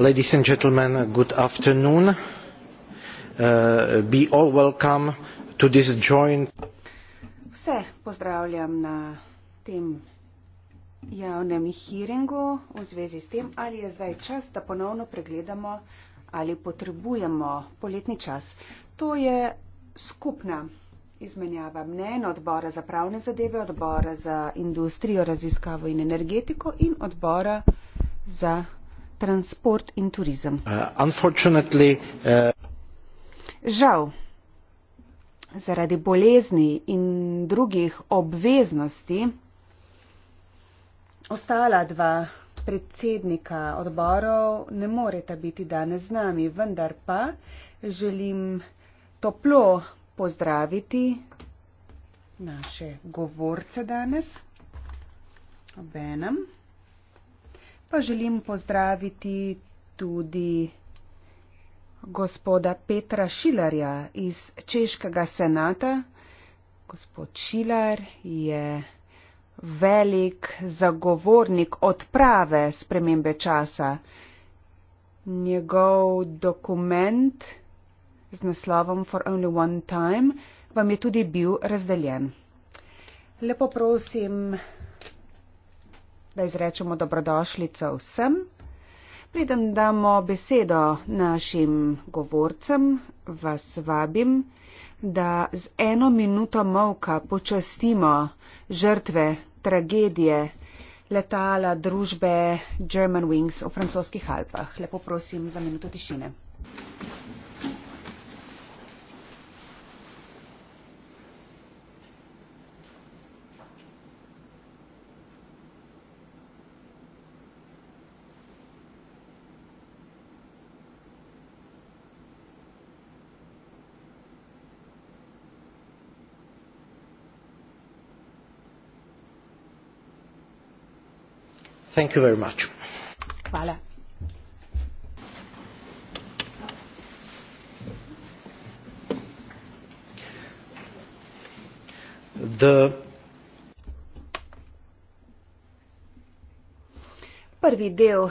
ladies and gentlemen good afternoon uh, be all welcome to this joint vse pozdravljam na tem javnem hearingu v zvezi s tem ali je zdaj čas da ponovno pregledamo ali potrebujemo poletni čas to je skupna izmenjava mnen odbora za pravne zadeve odbora za industrijo raziskavo in energetiko in odbora za transport in turizem. Uh, uh, Žal, zaradi bolezni in drugih obveznosti ostala dva predsednika odborov ne moreta biti danes z nami, vendar pa želim toplo pozdraviti naše govorce danes. Obenem pa želim pozdraviti tudi gospoda Petra Šilarja iz Češkega senata. Gospod Šilar je velik zagovornik odprave spremembe časa. Njegov dokument z naslovom For Only One Time vam je tudi bil razdeljen. Lepo prosim, da izrečemo dobrodošlico vsem. Preden damo besedo našim govorcem, vas vabim, da z eno minuto mavka počastimo žrtve tragedije letala družbe German Wings v francoskih Alpah. Lepo prosim za minuto tišine. Thank you. Prvi del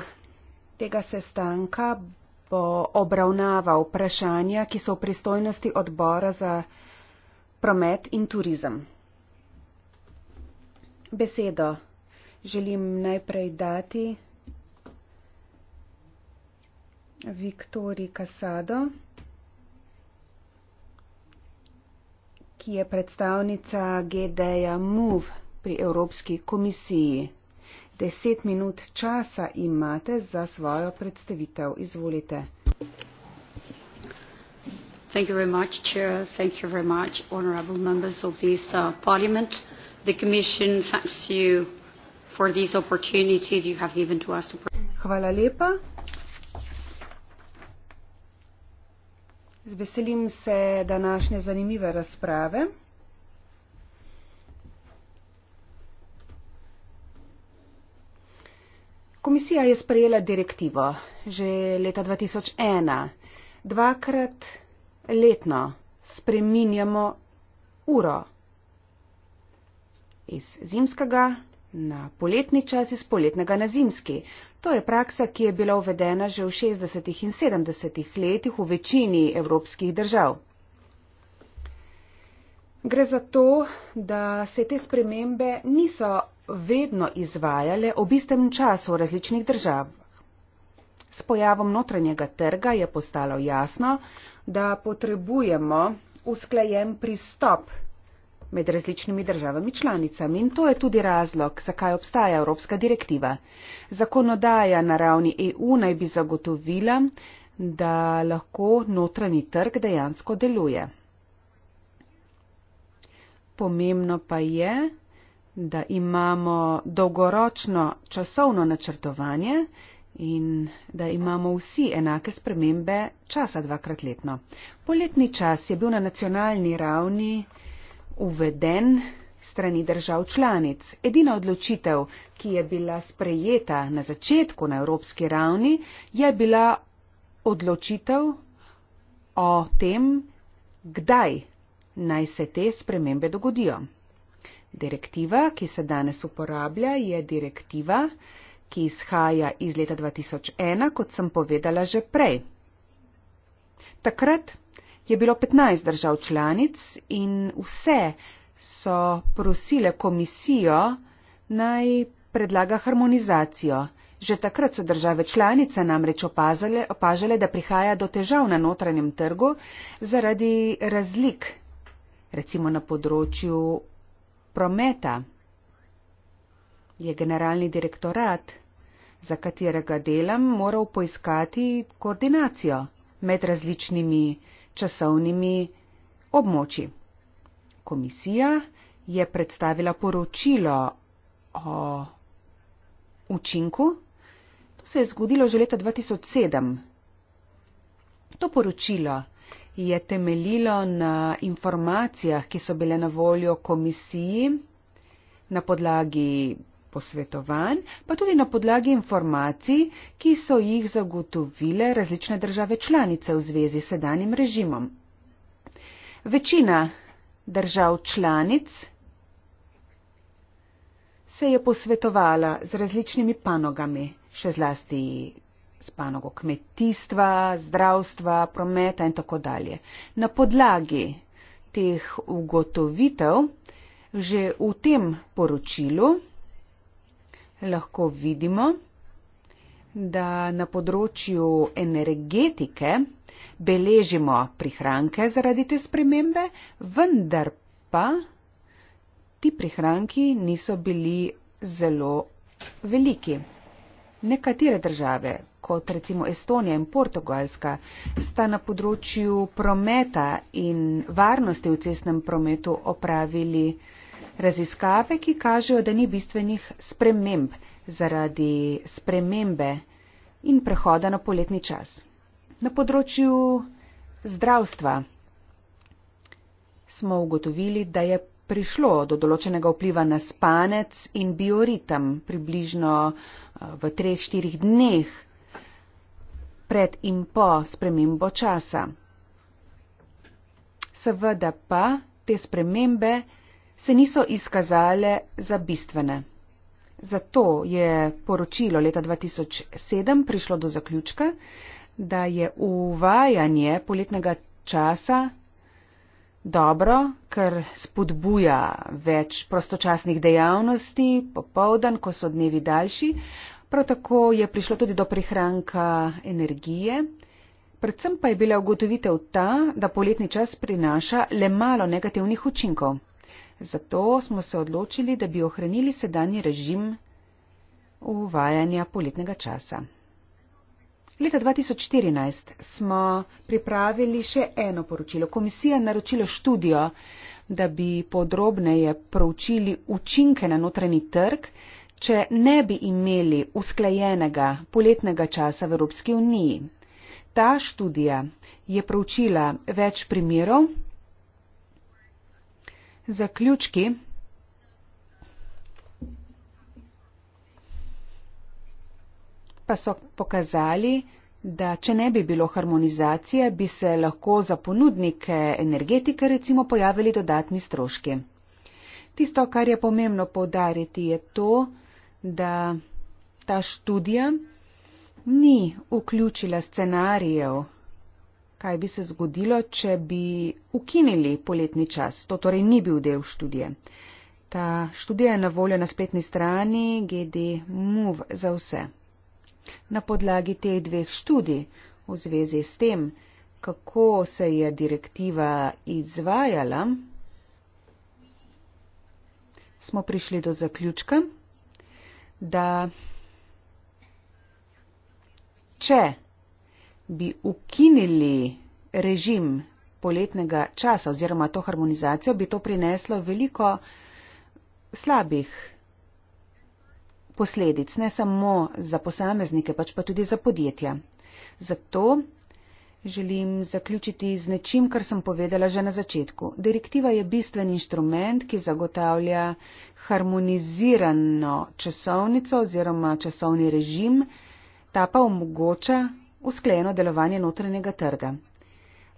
tega sestanka bo obravnaval vprašanja, ki so v pristojnosti odbora za promet in turizem. Besedo želim najprej dati Viktori Casado, ki je predstavnica GDA Move pri Evropski komisiji. Deset minut časa imate za svojo predstavitev. Izvolite. Thank you very much, Chair. Thank you very much, Honorable Members of this uh, Parliament. The Commission thanks you for this opportunity that you have given to us to pray. Hvala lepa. Veselim se današnje zanimive razprave. Komisija je sprejela direktivo že leta 2001. Dvakrat letno spreminjamo uro iz zimskega na poletni čas iz poletnega na zimski. To je praksa, ki je bila uvedena že v 60. in 70. letih v večini evropskih držav. Gre za to, da se te spremembe niso vedno izvajale ob istem času v različnih državah. S pojavom notranjega trga je postalo jasno, da potrebujemo usklajen pristop med različnimi državami članicami in to je tudi razlog, zakaj obstaja Evropska direktiva. Zakonodaja na ravni EU naj bi zagotovila, da lahko notranji trg dejansko deluje. Pomembno pa je, da imamo dolgoročno časovno načrtovanje in da imamo vsi enake spremembe časa dvakrat letno. Poletni čas je bil na nacionalni ravni uveden strani držav članic. Edina odločitev, ki je bila sprejeta na začetku na evropski ravni, je bila odločitev o tem, kdaj naj se te spremembe dogodijo. Direktiva, ki se danes uporablja, je direktiva, ki izhaja iz leta 2001, kot sem povedala že prej. Takrat je bilo 15 držav članic in vse so prosile komisijo naj predlaga harmonizacijo. Že takrat so države članice namreč opazale, opažale, da prihaja do težav na notranjem trgu zaradi razlik, recimo na področju prometa. Je generalni direktorat, za katerega delam, moral poiskati koordinacijo med različnimi časovnimi območji. Komisija je predstavila poročilo o učinku. To se je zgodilo že leta 2007. To poročilo je temeljilo na informacijah, ki so bile na voljo komisiji na podlagi posvetovanj, pa tudi na podlagi informacij, ki so jih zagotovile različne države članice v zvezi s sedanjim režimom. Večina držav članic se je posvetovala z različnimi panogami, še zlasti s panogo kmetijstva, zdravstva, prometa in tako dalje. Na podlagi teh ugotovitev že v tem poročilu lahko vidimo, da na področju energetike beležimo prihranke zaradi te spremembe, vendar pa ti prihranki niso bili zelo veliki. Nekatere države, kot recimo Estonija in Portugalska, sta na področju prometa in varnosti v cestnem prometu opravili raziskave, ki kažejo, da ni bistvenih sprememb zaradi spremembe in prehoda na poletni čas. Na področju zdravstva smo ugotovili, da je prišlo do določenega vpliva na spanec in bioritem približno eh, v treh, štirih dneh pred in po spremembo časa. Seveda pa te spremembe se niso izkazale za bistvene. Zato je poročilo leta 2007 prišlo do zaključka, da je uvajanje poletnega časa dobro, ker spodbuja več prostočasnih dejavnosti, popovdan, ko so dnevi daljši. Prav tako je prišlo tudi do prihranka energije. Predvsem pa je bila ugotovitev ta, da poletni čas prinaša le malo negativnih učinkov. Zato smo se odločili, da bi ohranili sedanji režim uvajanja poletnega časa. Leta 2014 smo pripravili še eno poročilo. Komisija je naročila študijo, da bi podrobneje proučili učinke na notranji trg, če ne bi imeli usklajenega poletnega časa v Evropski uniji. Ta študija je proučila več primerov, zaključki. Pa so pokazali, da če ne bi bilo harmonizacije, bi se lahko za ponudnike energetike recimo pojavili dodatni stroški. Tisto, kar je pomembno povdariti, je to, da ta študija ni vključila scenarijev kaj bi se zgodilo, če bi ukinili poletni čas. To torej ni bil del študije. Ta študija je na voljo na spletni strani GD MUV za vse. Na podlagi teh dveh študij v zvezi s tem, kako se je direktiva izvajala, smo prišli do zaključka, da če bi ukinili režim poletnega časa oziroma to harmonizacijo, bi to prineslo veliko slabih posledic, ne samo za posameznike, pač pa tudi za podjetja. Zato želim zaključiti z nečim, kar sem povedala že na začetku. Direktiva je bistven inštrument, ki zagotavlja harmonizirano časovnico oziroma časovni režim, ta pa omogoča usklejeno delovanje notranjega trga.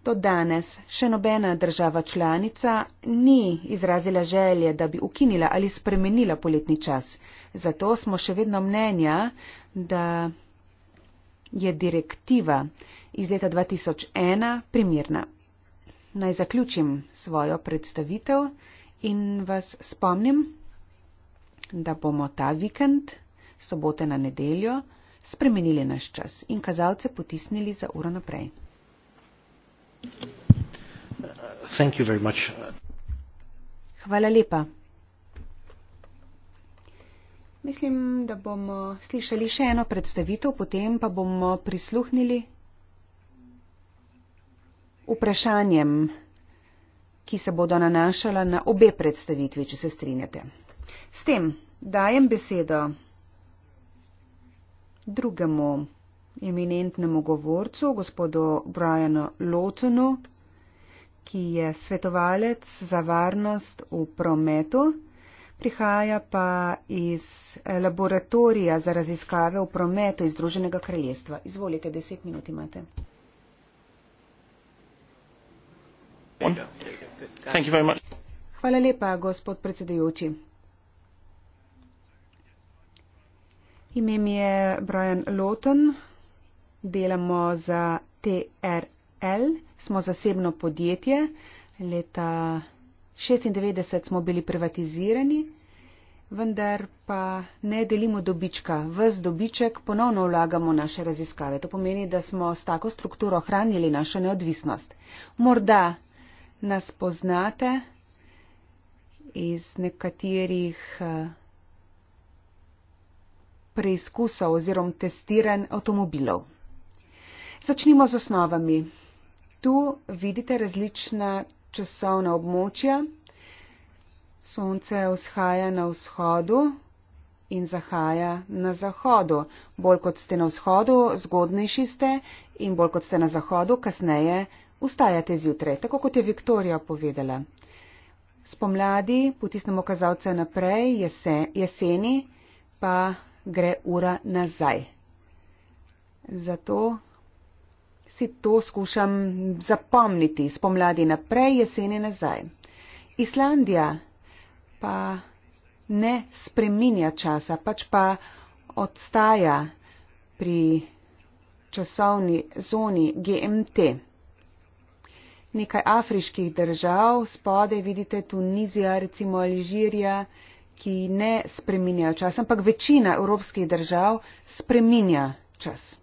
Do danes še nobena država članica ni izrazila želje, da bi ukinila ali spremenila poletni čas. Zato smo še vedno mnenja, da je direktiva iz leta 2001 primirna. Naj zaključim svojo predstavitev in vas spomnim, da bomo ta vikend, sobote na nedeljo, spremenili naš čas in kazalce potisnili za uro naprej. Hvala lepa. Mislim, da bomo slišali še eno predstavitev, potem pa bomo prisluhnili vprašanjem, ki se bodo nanašala na obe predstavitvi, če se strinjate. S tem dajem besedo drugemu eminentnemu govorcu, gospodu Brianu Lotonu, ki je svetovalec za varnost v prometu, prihaja pa iz laboratorija za raziskave v prometu iz Združenega kraljestva. Izvolite, deset minut imate. Hvala lepa, gospod predsedujoči. Ime mi je Brian Loton, delamo za TRL, smo zasebno podjetje. Leta 1996 smo bili privatizirani, vendar pa ne delimo dobička. Ves dobiček ponovno vlagamo v naše raziskave. To pomeni, da smo s tako strukturo ohranili našo neodvisnost. Morda nas poznate iz nekaterih. Uh, preizkusov oziroma testiranj avtomobilov. Začnimo z osnovami. Tu vidite različna časovna območja. Sonce vzhaja na vzhodu in zahaja na zahodu. Bolj kot ste na vzhodu, zgodnejši ste in bolj kot ste na zahodu, kasneje ustajate zjutraj, tako kot je Viktorija povedala. Spomladi potisnemo kazalce naprej, jese, jeseni pa gre ura nazaj. Zato si to skušam zapomniti spomladi naprej, jeseni nazaj. Islandija pa ne spreminja časa, pač pa odstaja pri časovni zoni GMT. Nekaj afriških držav, spode vidite Tunizija, recimo Alžirija, ki ne spreminjajo čas, ampak večina evropskih držav spreminja čas.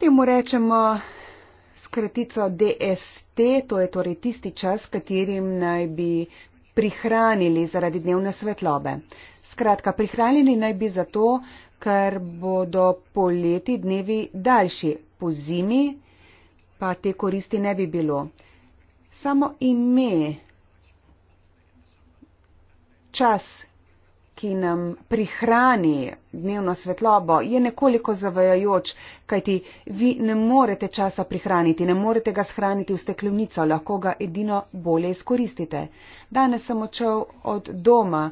Temu rečemo skratico DST, to je torej tisti čas, katerim naj bi prihranili zaradi dnevne svetlobe. Skratka, prihranili naj bi zato, ker bodo poleti dnevi daljši, po zimi pa te koristi ne bi bilo. Samo ime, čas, ki nam prihrani dnevno svetlobo, je nekoliko zavajajoč, kajti vi ne morete časa prihraniti, ne morete ga shraniti v steklenico, lahko ga edino bolje izkoristite. Danes sem odšel od doma,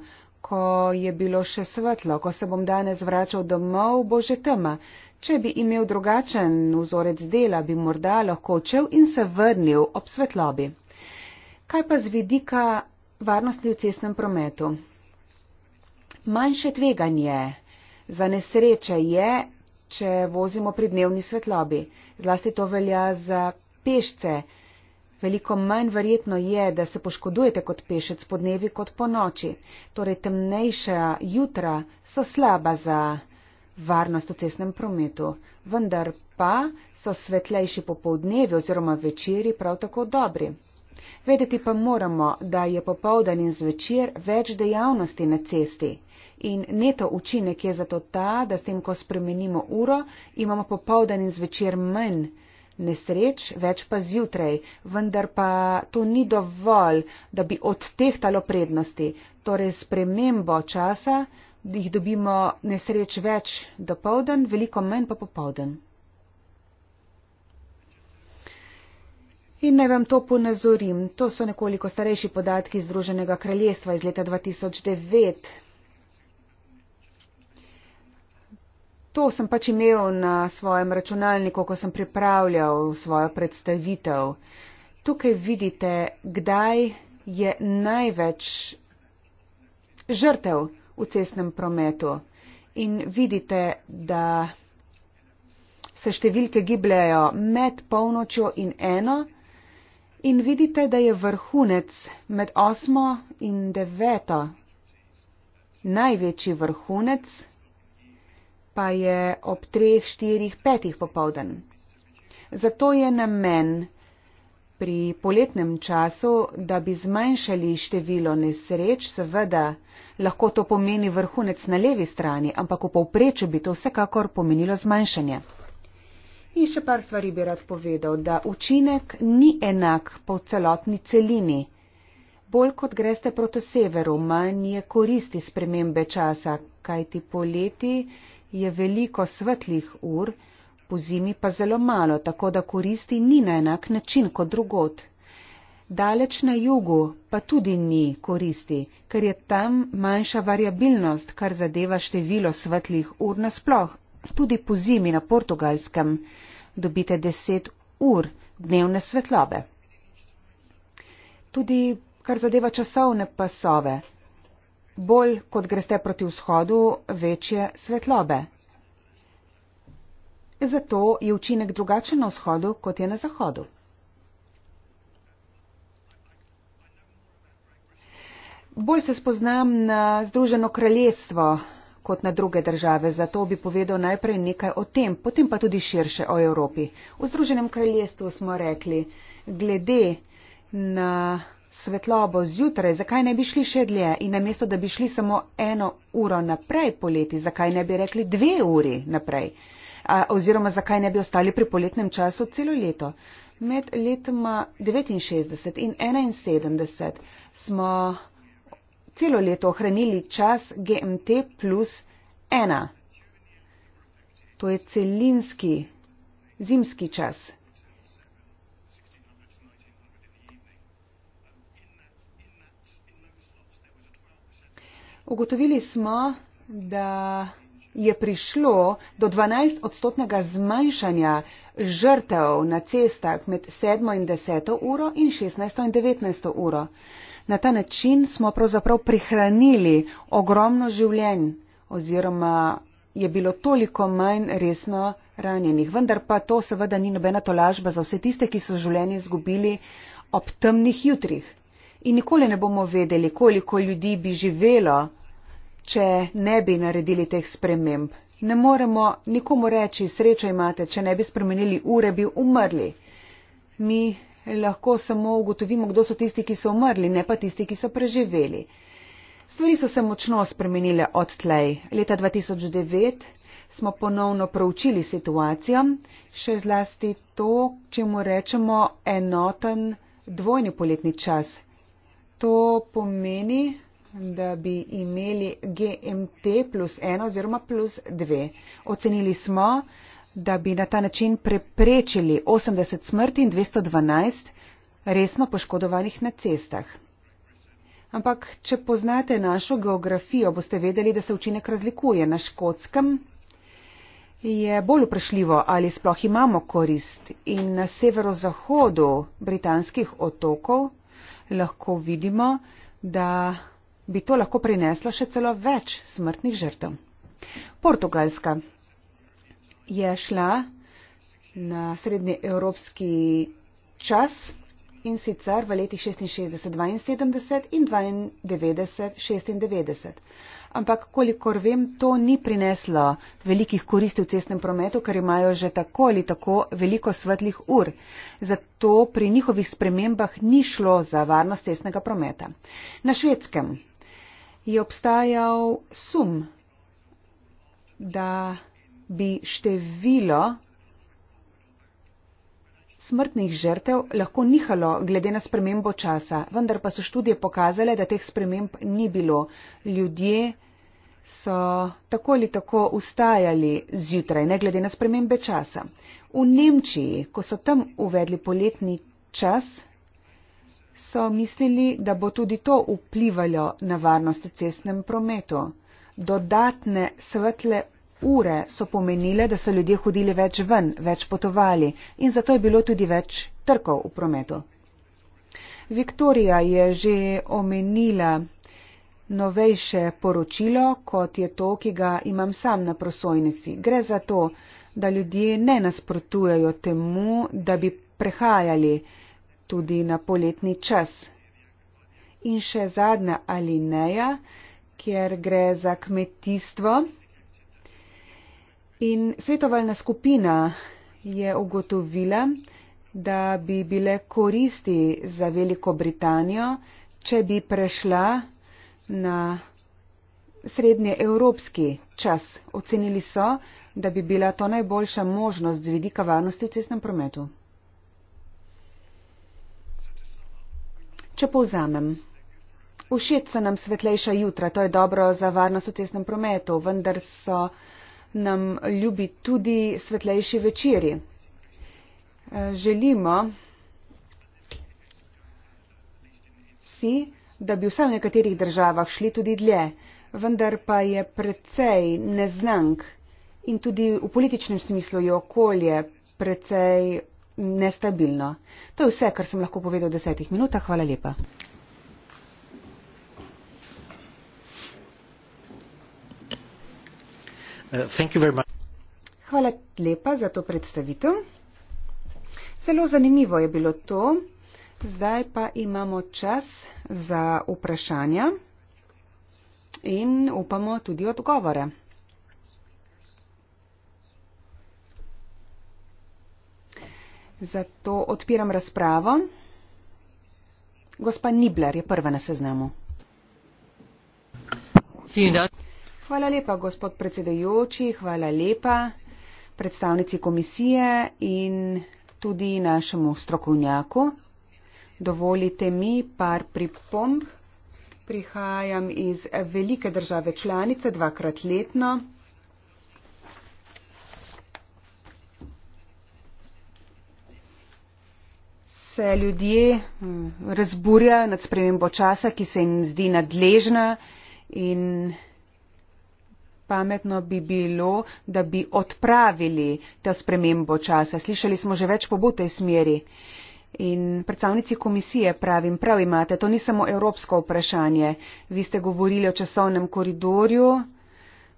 Ko je bilo še svetlo, ko se bom danes vračal domov, bo že tema. Če bi imel drugačen vzorec dela, bi morda lahko odšel in se vrnil ob svetlobi. Kaj pa z vidika varnosti v cestnem prometu? Manjše tveganje za nesreče je, če vozimo pri dnevni svetlobi. Zlasti to velja za pešce, Veliko manj verjetno je, da se poškodujete kot pešec po dnevi kot po noči. Torej, temnejša jutra so slaba za varnost v cestnem prometu, vendar pa so svetlejši popovdnevi oziroma večeri prav tako dobri. Vedeti pa moramo, da je popovdan in zvečer več dejavnosti na cesti in neto učinek je zato ta, da s tem, ko spremenimo uro, imamo popovdan in zvečer manj nesreč, več pa zjutraj, vendar pa to ni dovolj, da bi odtehtalo prednosti, torej spremembo časa, da jih dobimo nesreč več do povdan, veliko manj pa popovdan. In naj vam to ponazorim, to so nekoliko starejši podatki Združenega kraljestva iz leta 2009. to sem pač imel na svojem računalniku, ko sem pripravljal svojo predstavitev. Tukaj vidite, kdaj je največ žrtev v cestnem prometu. In vidite, da se številke gibljajo med polnočjo in eno. In vidite, da je vrhunec med osmo in deveto največji vrhunec pa je ob treh, štirih, petih popovden. Zato je namen pri poletnem času, da bi zmanjšali število nesreč, seveda lahko to pomeni vrhunec na levi strani, ampak v povprečju bi to vsekakor pomenilo zmanjšanje. In še par stvari bi rad povedal, da učinek ni enak po celotni celini. Bolj kot greste proti severu, manj je koristi spremembe časa, kajti poleti je veliko svetlih ur, po zimi pa zelo malo, tako da koristi ni na enak način kot drugot. Daleč na jugu pa tudi ni koristi, ker je tam manjša variabilnost, kar zadeva število svetlih ur nasploh. Tudi po zimi na portugalskem dobite 10 ur dnevne svetlobe. Tudi kar zadeva časovne pasove, bolj kot greste proti vzhodu, večje svetlobe. Zato je učinek drugačen na vzhodu, kot je na zahodu. Bolj se spoznam na Združeno kraljestvo kot na druge države, zato bi povedal najprej nekaj o tem, potem pa tudi širše o Evropi. V Združenem kraljestvu smo rekli, glede na svetlobo zjutraj, zakaj ne bi šli še dlje in namesto, da bi šli samo eno uro naprej poleti, zakaj ne bi rekli dve uri naprej A, oziroma zakaj ne bi ostali pri poletnem času celo leto. Med letoma 69 in 71 smo celo leto ohranili čas GMT plus 1. To je celinski zimski čas. Ugotovili smo, da je prišlo do 12 odstotnega zmanjšanja žrtev na cestah med 7 in 10 uro in 16 in 19 uro. Na ta način smo pravzaprav prihranili ogromno življenj oziroma je bilo toliko manj resno ranjenih. Vendar pa to seveda ni nobena tolažba za vse tiste, ki so življenje izgubili ob temnih jutrih in nikoli ne bomo vedeli, koliko ljudi bi živelo, če ne bi naredili teh sprememb. Ne moremo nikomu reči, srečo imate, če ne bi spremenili ure, bi umrli. Mi lahko samo ugotovimo, kdo so tisti, ki so umrli, ne pa tisti, ki so preživeli. Stvari so se močno spremenile od tlej. Leta 2009 smo ponovno proučili situacijo, še zlasti to, če mu rečemo enoten dvojni poletni čas, to pomeni, da bi imeli GMT plus 1 oziroma plus 2. Ocenili smo, da bi na ta način preprečili 80 smrti in 212 resno poškodovanih na cestah. Ampak, če poznate našo geografijo, boste vedeli, da se učinek razlikuje. Na škotskem je bolj vprašljivo, ali sploh imamo korist. In na severozahodu britanskih otokov lahko vidimo, da bi to lahko prineslo še celo več smrtnih žrtev. Portugalska je šla na srednji evropski čas in sicer v letih 66, 72 in 92, 96 ampak kolikor vem, to ni prineslo velikih koristi v cestnem prometu, ker imajo že tako ali tako veliko svetlih ur. Zato pri njihovih spremembah ni šlo za varnost cestnega prometa. Na švedskem je obstajal sum, da bi število smrtnih žrtev lahko nihalo glede na spremembo časa, vendar pa so študije pokazale, da teh sprememb ni bilo. Ljudje so tako ali tako ustajali zjutraj, ne glede na spremembe časa. V Nemčiji, ko so tam uvedli poletni čas, so mislili, da bo tudi to vplivalo na varnost v cestnem prometu. Dodatne svetle Ure so pomenile, da so ljudje hodili več ven, več potovali in zato je bilo tudi več trkov v prometu. Viktorija je že omenila novejše poročilo, kot je to, ki ga imam sam na prosojnici. Gre za to, da ljudje ne nasprotujejo temu, da bi prehajali tudi na poletni čas. In še zadnja alineja, kjer gre za kmetijstvo. In svetovalna skupina je ugotovila, da bi bile koristi za Veliko Britanijo, če bi prešla na srednjeevropski čas. Ocenili so, da bi bila to najboljša možnost z vidika varnosti v cestnem prometu. Če povzamem, všeč so nam svetlejša jutra, to je dobro za varnost v cestnem prometu, vendar so nam ljubi tudi svetlejši večeri. Eh, želimo si, da bi vsaj v nekaterih državah šli tudi dlje, vendar pa je precej neznank in tudi v političnem smislu je okolje precej nestabilno. To je vse, kar sem lahko povedal v desetih minutah. Hvala lepa. Uh, Hvala lepa za to predstavitev. Zelo zanimivo je bilo to. Zdaj pa imamo čas za vprašanja in upamo tudi odgovore. Zato odpiram razpravo. Gospa Nibler je prva na seznamu. Fijen dan. Hvala lepa, gospod predsedajoči, hvala lepa predstavnici komisije in tudi našemu strokovnjaku. Dovolite mi par pripomb. Prihajam iz velike države članice dvakrat letno. Se ljudje hm, razburjajo nad spremembo časa, ki se jim zdi nadležna in pametno bi bilo, da bi odpravili ta spremembo časa. Slišali smo že več pobud v tej smeri. In predstavnici komisije pravim, prav imate, to ni samo evropsko vprašanje. Vi ste govorili o časovnem koridorju,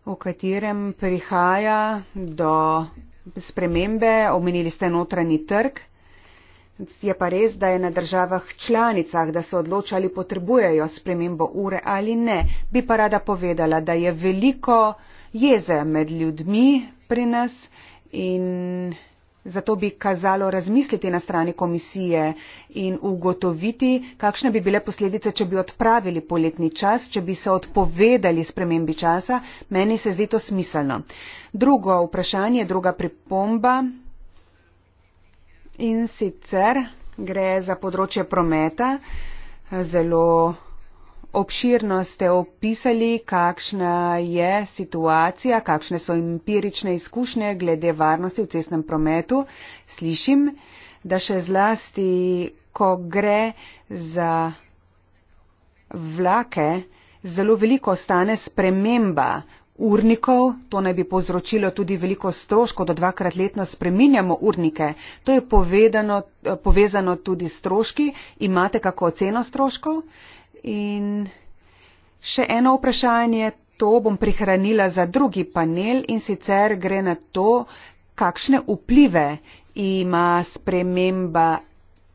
v katerem prihaja do spremembe, omenili ste notranji trg. Je pa res, da je na državah članicah, da so odločali, potrebujejo spremembo ure ali ne. Bi pa rada povedala, da je veliko jeze med ljudmi pri nas in zato bi kazalo razmisliti na strani komisije in ugotoviti, kakšne bi bile posledice, če bi odpravili poletni čas, če bi se odpovedali spremembi časa. Meni se zdi to smiselno. Drugo vprašanje, druga pripomba in sicer gre za področje prometa. Zelo obširno ste opisali, kakšna je situacija, kakšne so empirične izkušnje glede varnosti v cestnem prometu. Slišim, da še zlasti, ko gre za vlake, zelo veliko stane sprememba urnikov, to naj bi povzročilo tudi veliko stroškov, da dvakrat letno spreminjamo urnike. To je povedano, povezano tudi s stroški. Imate kako oceno stroškov? In še eno vprašanje, to bom prihranila za drugi panel in sicer gre na to, kakšne vplive ima sprememba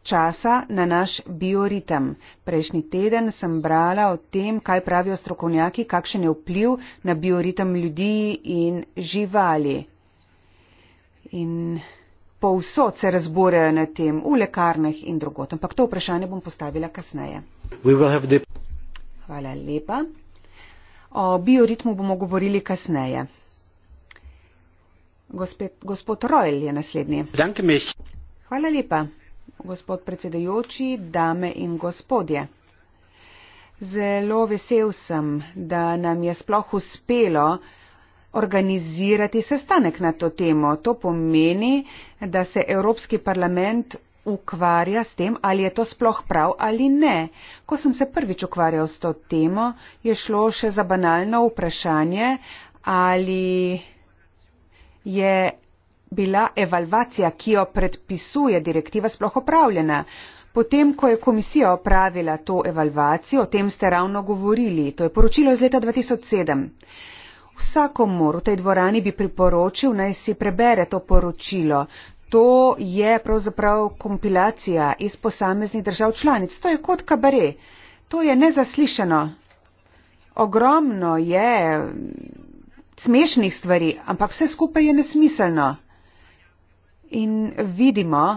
časa na naš bioritem. Prejšnji teden sem brala o tem, kaj pravijo strokovnjaki, kakšen je vpliv na bioritem ljudi in živali. In povsod se razborejo na tem, v lekarnah in drugot. Ampak to vprašanje bom postavila kasneje. Hvala lepa. O bioritmu bomo govorili kasneje. Gospod, gospod Royl je naslednji. Hvala lepa gospod predsedajoči, dame in gospodje. Zelo vesel sem, da nam je sploh uspelo organizirati sestanek na to temo. To pomeni, da se Evropski parlament ukvarja s tem, ali je to sploh prav ali ne. Ko sem se prvič ukvarjal s to temo, je šlo še za banalno vprašanje, ali je bila evalvacija, ki jo predpisuje direktiva, sploh opravljena. Potem, ko je komisija opravila to evalvacijo, o tem ste ravno govorili, to je poročilo iz leta 2007. Vsakomor v tej dvorani bi priporočil, naj si prebere to poročilo. To je pravzaprav kompilacija iz posameznih držav članic. To je kot kabare. To je nezaslišano. Ogromno je smešnih stvari, ampak vse skupaj je nesmiselno in vidimo,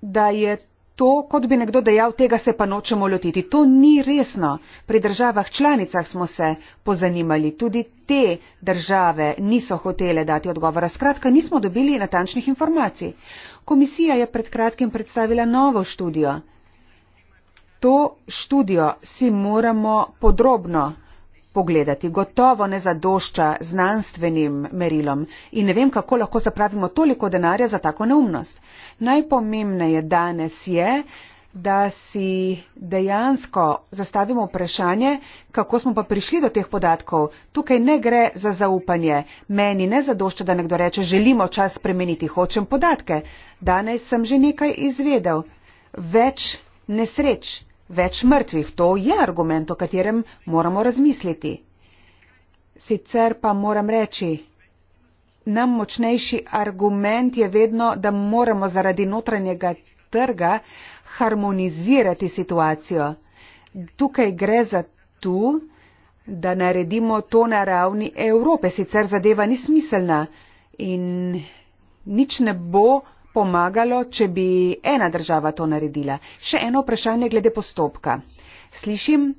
da je to, kot bi nekdo dejal, tega se pa nočemo lotiti. To ni resno. Pri državah članicah smo se pozanimali, tudi te države niso hotele dati odgovora. Skratka, nismo dobili natančnih informacij. Komisija je pred kratkim predstavila novo študijo. To študijo si moramo podrobno pogledati. Gotovo ne zadošča znanstvenim merilom in ne vem, kako lahko zapravimo toliko denarja za tako neumnost. Najpomembneje danes je, da si dejansko zastavimo vprašanje, kako smo pa prišli do teh podatkov. Tukaj ne gre za zaupanje. Meni ne zadošča, da nekdo reče, želimo čas spremeniti, hočem podatke. Danes sem že nekaj izvedel. Več nesreč več mrtvih. To je argument, o katerem moramo razmisliti. Sicer pa moram reči, nam močnejši argument je vedno, da moramo zaradi notranjega trga harmonizirati situacijo. Tukaj gre za to, da naredimo to na ravni Evrope, sicer zadeva ni smiselna in nič ne bo pomagalo, če bi ena država to naredila? Še eno vprašanje glede postopka. Slišim,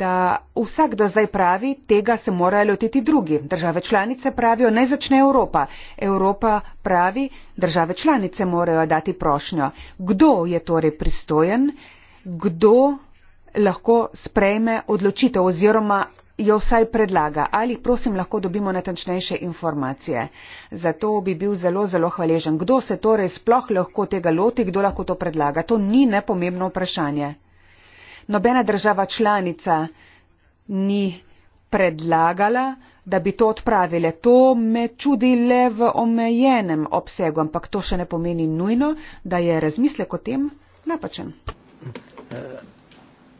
da vsak do zdaj pravi, tega se morajo lotiti drugi. Države članice pravijo, ne začne Evropa. Evropa pravi, države članice morajo dati prošnjo. Kdo je torej pristojen? Kdo lahko sprejme odločitev oziroma jo vsaj predlaga ali prosim lahko dobimo natančnejše informacije. Zato bi bil zelo, zelo hvaležen. Kdo se torej sploh lahko tega loti, kdo lahko to predlaga? To ni nepomembno vprašanje. Nobena država članica ni predlagala, da bi to odpravile. To me čudi le v omejenem obsegu, ampak to še ne pomeni nujno, da je razmislek o tem napačen. Uh,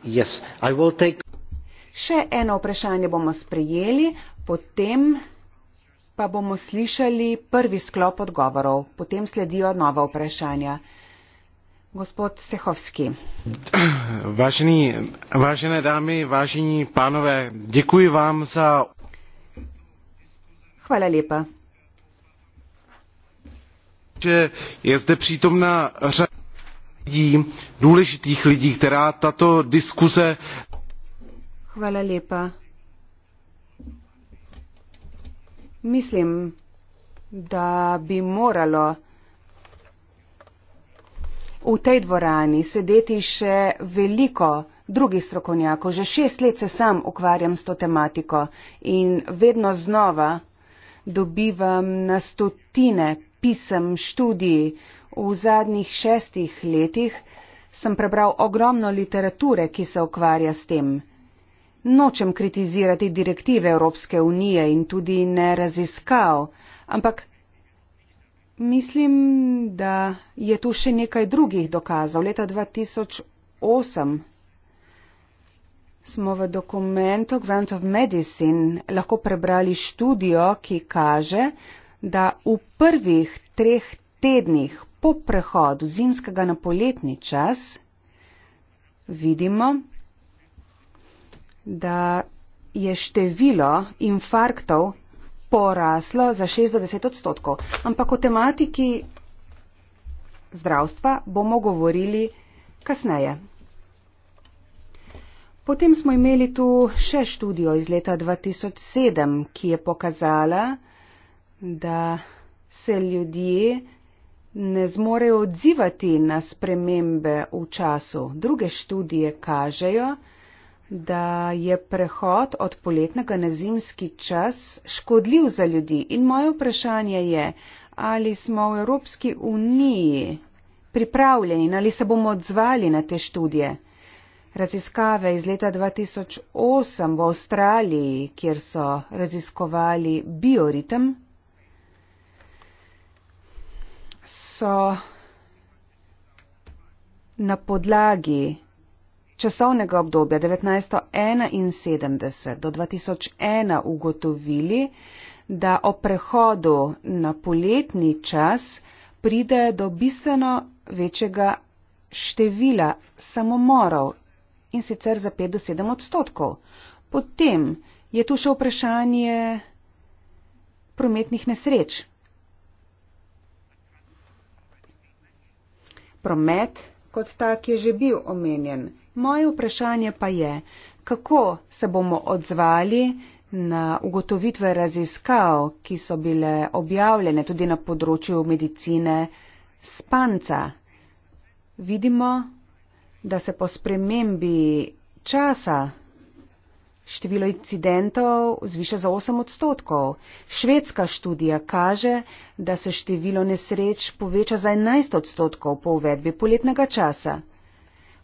yes. Še eno vprašanje bomo sprejeli, potem pa bomo slišali prvi sklop odgovorov, potem sledijo nova vprašanja. Gospod Sehovski. Važeni, važene dame, važeni panove, děkuji vam za. Hvala lepa. Že je zde přítomna řada lidí, důležitých lidí, která tato diskuze Hvala lepa. Mislim, da bi moralo v tej dvorani sedeti še veliko drugih strokovnjakov. Že šest let se sam ukvarjam s to tematiko in vedno znova dobivam na stotine pisem študij. V zadnjih šestih letih sem prebral ogromno literature, ki se ukvarja s tem. Nočem kritizirati direktive Evropske unije in tudi ne raziskav, ampak mislim, da je tu še nekaj drugih dokazov. Leta 2008 smo v dokumentu Grant of Medicine lahko prebrali študijo, ki kaže, da v prvih treh tednih po prehodu zimskega na poletni čas vidimo, da je število infarktov poraslo za 60 odstotkov. Ampak o tematiki zdravstva bomo govorili kasneje. Potem smo imeli tu še študijo iz leta 2007, ki je pokazala, da se ljudje ne zmorejo odzivati na spremembe v času. Druge študije kažejo, da je prehod od poletnega na zimski čas škodljiv za ljudi. In moje vprašanje je, ali smo v Evropski uniji pripravljeni, ali se bomo odzvali na te študije. Raziskave iz leta 2008 v Avstraliji, kjer so raziskovali bioritem, so na podlagi časovnega obdobja 1971 do 2001 ugotovili, da ob prehodu na poletni čas pride do bistveno večjega števila samomorov in sicer za 5 do 7 odstotkov. Potem je tu še vprašanje prometnih nesreč. Promet kot tak je že bil omenjen. Moje vprašanje pa je, kako se bomo odzvali na ugotovitve raziskav, ki so bile objavljene tudi na področju medicine spanca. Vidimo, da se po spremembi časa število incidentov zviša za 8 odstotkov. Švedska študija kaže, da se število nesreč poveča za 11 odstotkov po uvedbi poletnega časa.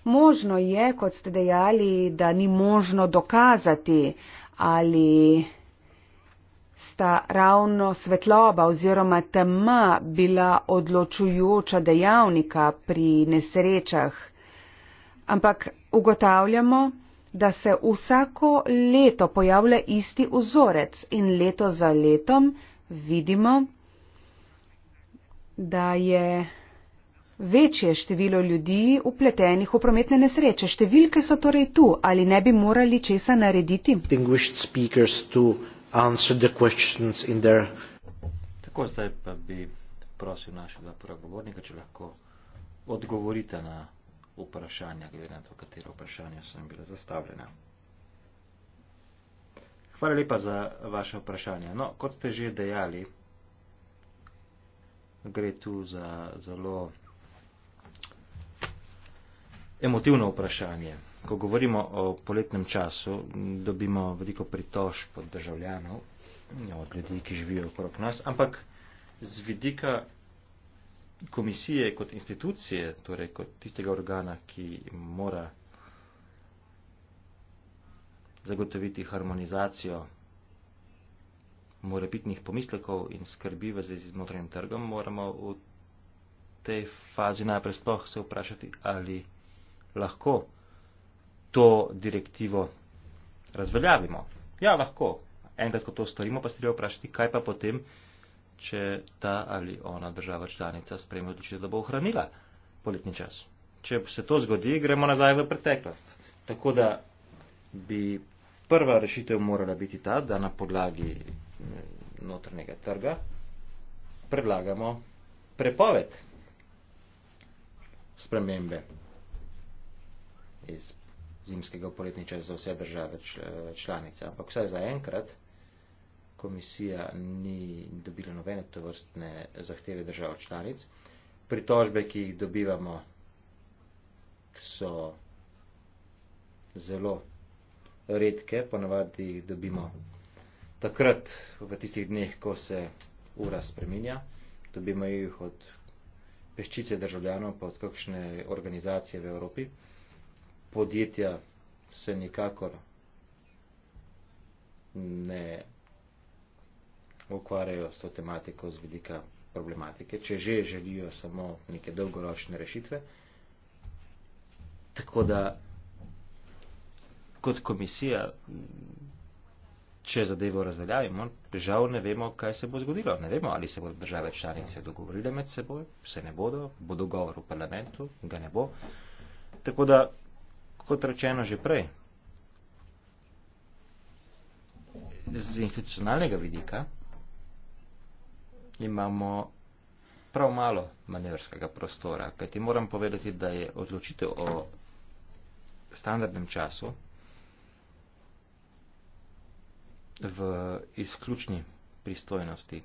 Možno je, kot ste dejali, da ni možno dokazati, ali sta ravno svetloba oziroma tema bila odločujoča dejavnika pri nesrečah. Ampak ugotavljamo, da se vsako leto pojavlja isti vzorec in leto za letom vidimo, da je večje število ljudi upletenih v prometne nesreče. Številke so torej tu, ali ne bi morali česa narediti? Tako zdaj pa bi prosil našega pregovornika, če lahko odgovorite na vprašanja, glede na to, katero vprašanje sem bila zastavljena. Hvala lepa za vaše vprašanje. No, kot ste že dejali, gre tu za zelo emotivno vprašanje. Ko govorimo o poletnem času, dobimo veliko pritožb od državljanov, od ljudi, ki živijo okrog nas, ampak z vidika komisije kot institucije, torej kot tistega organa, ki mora zagotoviti harmonizacijo morebitnih pomislekov in skrbi v zvezi z notranjim trgom, moramo v tej fazi najprej sploh se vprašati, ali lahko to direktivo razveljavimo. Ja, lahko. Enkrat, ko to storimo, pa se treba vprašati, kaj pa potem, če ta ali ona država članica spremlja odločitev, da bo ohranila poletni čas. Če se to zgodi, gremo nazaj v preteklost. Tako da bi prva rešitev morala biti ta, da na podlagi eh, notrnega trga predlagamo prepoved spremembe iz zimskega poletničara za vse države članice. Ampak vsaj za enkrat komisija ni dobila nobene to vrstne zahteve držav članic. Pritožbe, ki jih dobivamo, so zelo redke, ponavadi jih dobimo takrat v tistih dneh, ko se ura spreminja. Dobimo jih od peščice državljanov, pa od kakšne organizacije v Evropi podjetja se nikakor ne ukvarjajo s to tematiko z vidika problematike, če že želijo samo neke dolgoročne rešitve. Tako da kot komisija, če zadevo razveljavimo, žal ne vemo, kaj se bo zgodilo. Ne vemo, ali se bodo države članice dogovorile med seboj, se ne bodo, bo dogovor v parlamentu, ga ne bo. Tako da kot rečeno že prej, z institucionalnega vidika imamo prav malo manevrskega prostora, kajti moram povedati, da je odločitev o standardnem času v izključni pristojnosti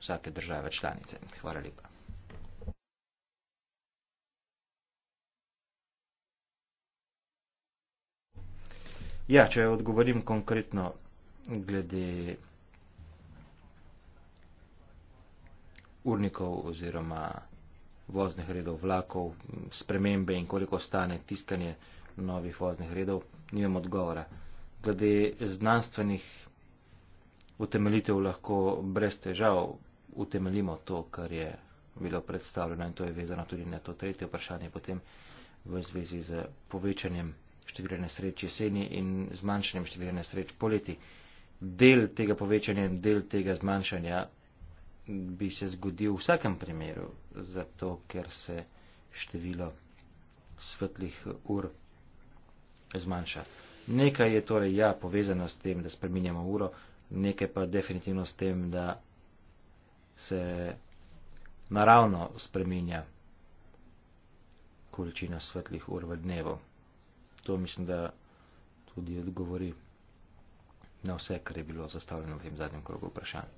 vsake države članice. Hvala lepa. Ja, če odgovorim konkretno glede urnikov oziroma voznih redov vlakov, spremembe in koliko stane tiskanje novih voznih redov, nimam odgovora. Glede znanstvenih utemeljitev lahko brez težav utemeljimo to, kar je bilo predstavljeno in to je vezano tudi na to tretje vprašanje potem v zvezi z povečanjem števila nesreč jeseni in zmanjšanjem števila nesreč poleti. Del tega povečanja in del tega zmanjšanja bi se zgodil v vsakem primeru, zato ker se število svetlih ur zmanjša. Nekaj je torej ja povezano s tem, da spreminjamo uro, nekaj pa definitivno s tem, da se naravno spreminja količina svetlih ur v dnevu. To mislim, da tudi odgovori na vse, kar je bilo zastavljeno v tem zadnjem krogu vprašanj.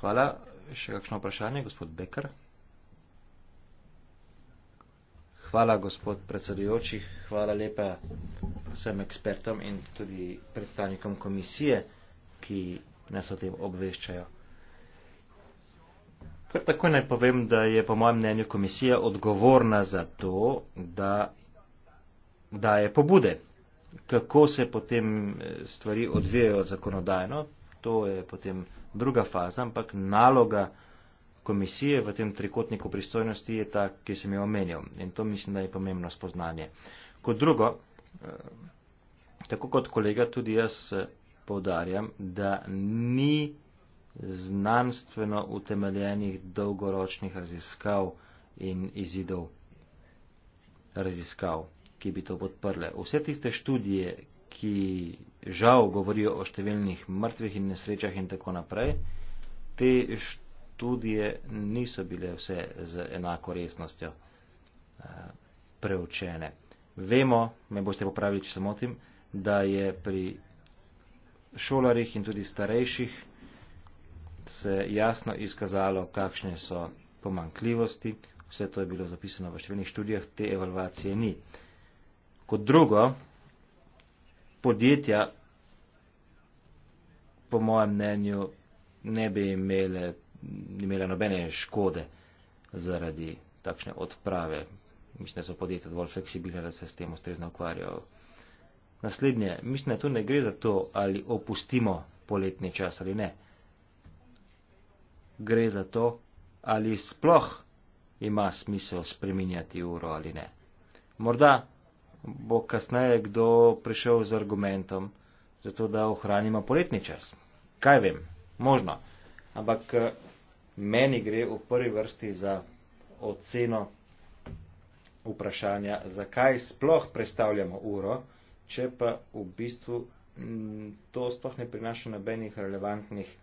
Hvala. Še kakšno vprašanje, gospod Becker? Hvala, gospod predsedujoči, hvala lepa vsem ekspertom in tudi predstavnikom komisije, ki nas o tem obveščajo. Kar takoj naj povem, da je po mojem mnenju komisija odgovorna za to, da daje pobude. Kako se potem eh, stvari odvijajo zakonodajno, to je potem druga faza, ampak naloga komisije v tem trikotniku pristojnosti je ta, ki sem jo omenil. In to mislim, da je pomembno spoznanje. Kot drugo, eh, tako kot kolega, tudi jaz eh, poudarjam, da ni znanstveno utemeljenih dolgoročnih raziskav in izidov raziskav, ki bi to podprle. Vse tiste študije, ki žal govorijo o številnih mrtvih in nesrečah in tako naprej, te študije niso bile vse z enako resnostjo eh, preučene. Vemo, me boste popravili, če se motim, da je pri šolarjih in tudi starejših se jasno izkazalo, kakšne so pomankljivosti. Vse to je bilo zapisano v številnih študijah, te evalvacije ni. Kot drugo, podjetja, po mojem mnenju, ne bi imele, imele nobene škode zaradi takšne odprave. Mislim, da so podjetja dovolj fleksibilna, da se s tem ustrezno ukvarjajo. Naslednje, mislim, da tu ne gre za to, ali opustimo poletni čas ali ne gre za to, ali sploh ima smisel spreminjati uro ali ne. Morda bo kasneje kdo prišel z argumentom, zato da ohranimo poletni čas. Kaj vem, možno. Ampak eh, meni gre v prvi vrsti za oceno vprašanja, zakaj sploh predstavljamo uro, če pa v bistvu mm, to sploh ne prinaša nobenih relevantnih.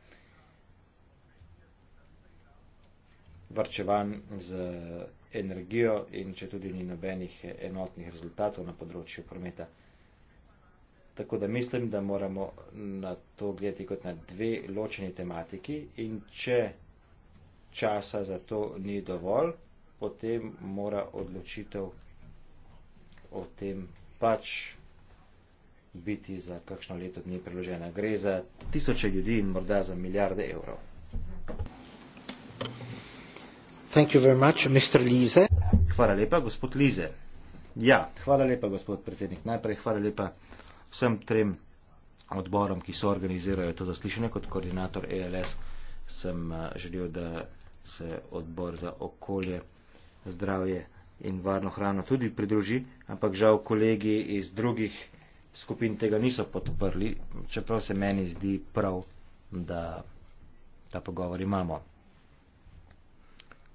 vrčevanj z energijo in če tudi ni nobenih enotnih rezultatov na področju prometa. Tako da mislim, da moramo na to gledati kot na dve ločeni tematiki in če časa za to ni dovolj, potem mora odločitev o tem pač biti za kakšno leto dni preložena. Gre za tisoče ljudi in morda za milijarde evrov. Hvala lepa, gospod Lize. Ja, hvala lepa, gospod predsednik. Najprej hvala lepa vsem trem odborom, ki so organizirajo to zaslišanje. Kot koordinator ELS sem eh, želel, da se odbor za okolje, zdravje in varno hrano tudi pridruži, ampak žal kolegi iz drugih skupin tega niso podprli, čeprav se meni zdi prav, da ta pogovor imamo.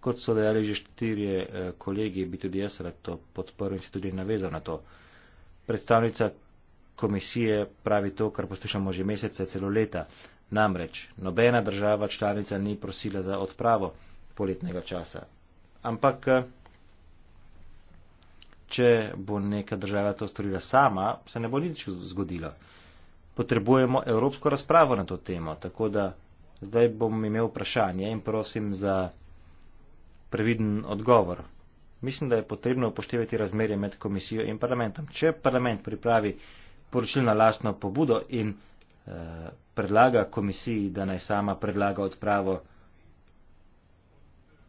Kot so dejali že štiri eh, kolegi, bi tudi jaz rad to podprl in se tudi navezal na to. Predstavnica komisije pravi to, kar poslušamo že mesece, celo leta. Namreč, nobena država članica ni prosila za odpravo poletnega časa. Ampak, eh, če bo neka država to storila sama, se ne bo nič zgodilo. Potrebujemo evropsko razpravo na to temo, tako da zdaj bom imel vprašanje in prosim za previden odgovor. Mislim, da je potrebno upoštevati razmerje med komisijo in parlamentom. Če parlament pripravi poročil na lastno pobudo in eh, predlaga komisiji, da naj sama predlaga odpravo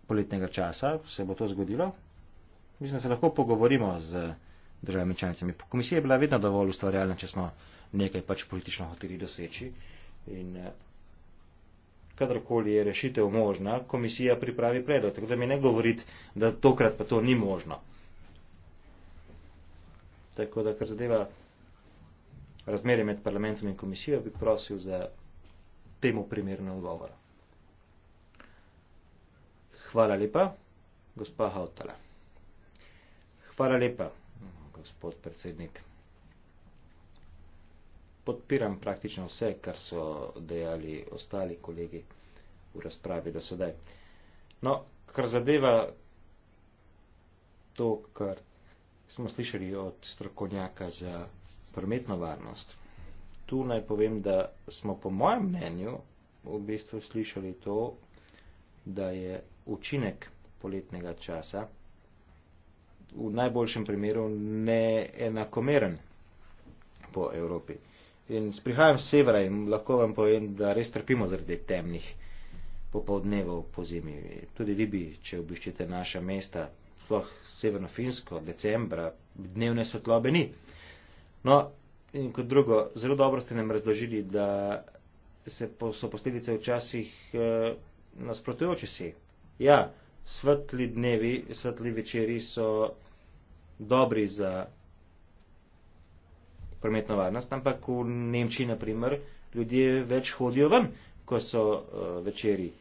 poletnega časa, se bo to zgodilo. Mislim, da se lahko pogovorimo z državami članicami. Komisija je bila vedno dovolj ustvarjalna, če smo nekaj pač politično hoteli doseči. In, eh, kadarkoli je rešitev možna, komisija pripravi predlog. Tako da mi ne govoriti, da tokrat pa to ni možno. Tako da, kar zadeva razmerje med parlamentom in komisijo, bi prosil za temu primerno odgovor. Hvala lepa, gospa Hautala. Hvala lepa, gospod predsednik podpiram praktično vse, kar so dejali ostali kolegi v razpravi do sedaj. No, kar zadeva to, kar smo slišali od strokovnjaka za prometno varnost. Tu naj povem, da smo po mojem mnenju v bistvu slišali to, da je učinek poletnega časa v najboljšem primeru neenakomeren po Evropi. In sprihajam s severa in lahko vam povem, da res trpimo zaradi temnih popovdnevov po zimi. Tudi vi bi, če obiščete naša mesta, sploh severno Finsko, decembra, dnevne svetlobe ni. No, in kot drugo, zelo dobro ste nam razložili, da se po, so posledice včasih e, nasprotujoče si. Ja, svetli dnevi, svetli večeri so dobri za prometno varnost, ampak v Nemčiji, naprimer, ljudje več hodijo ven, ko so uh, večeri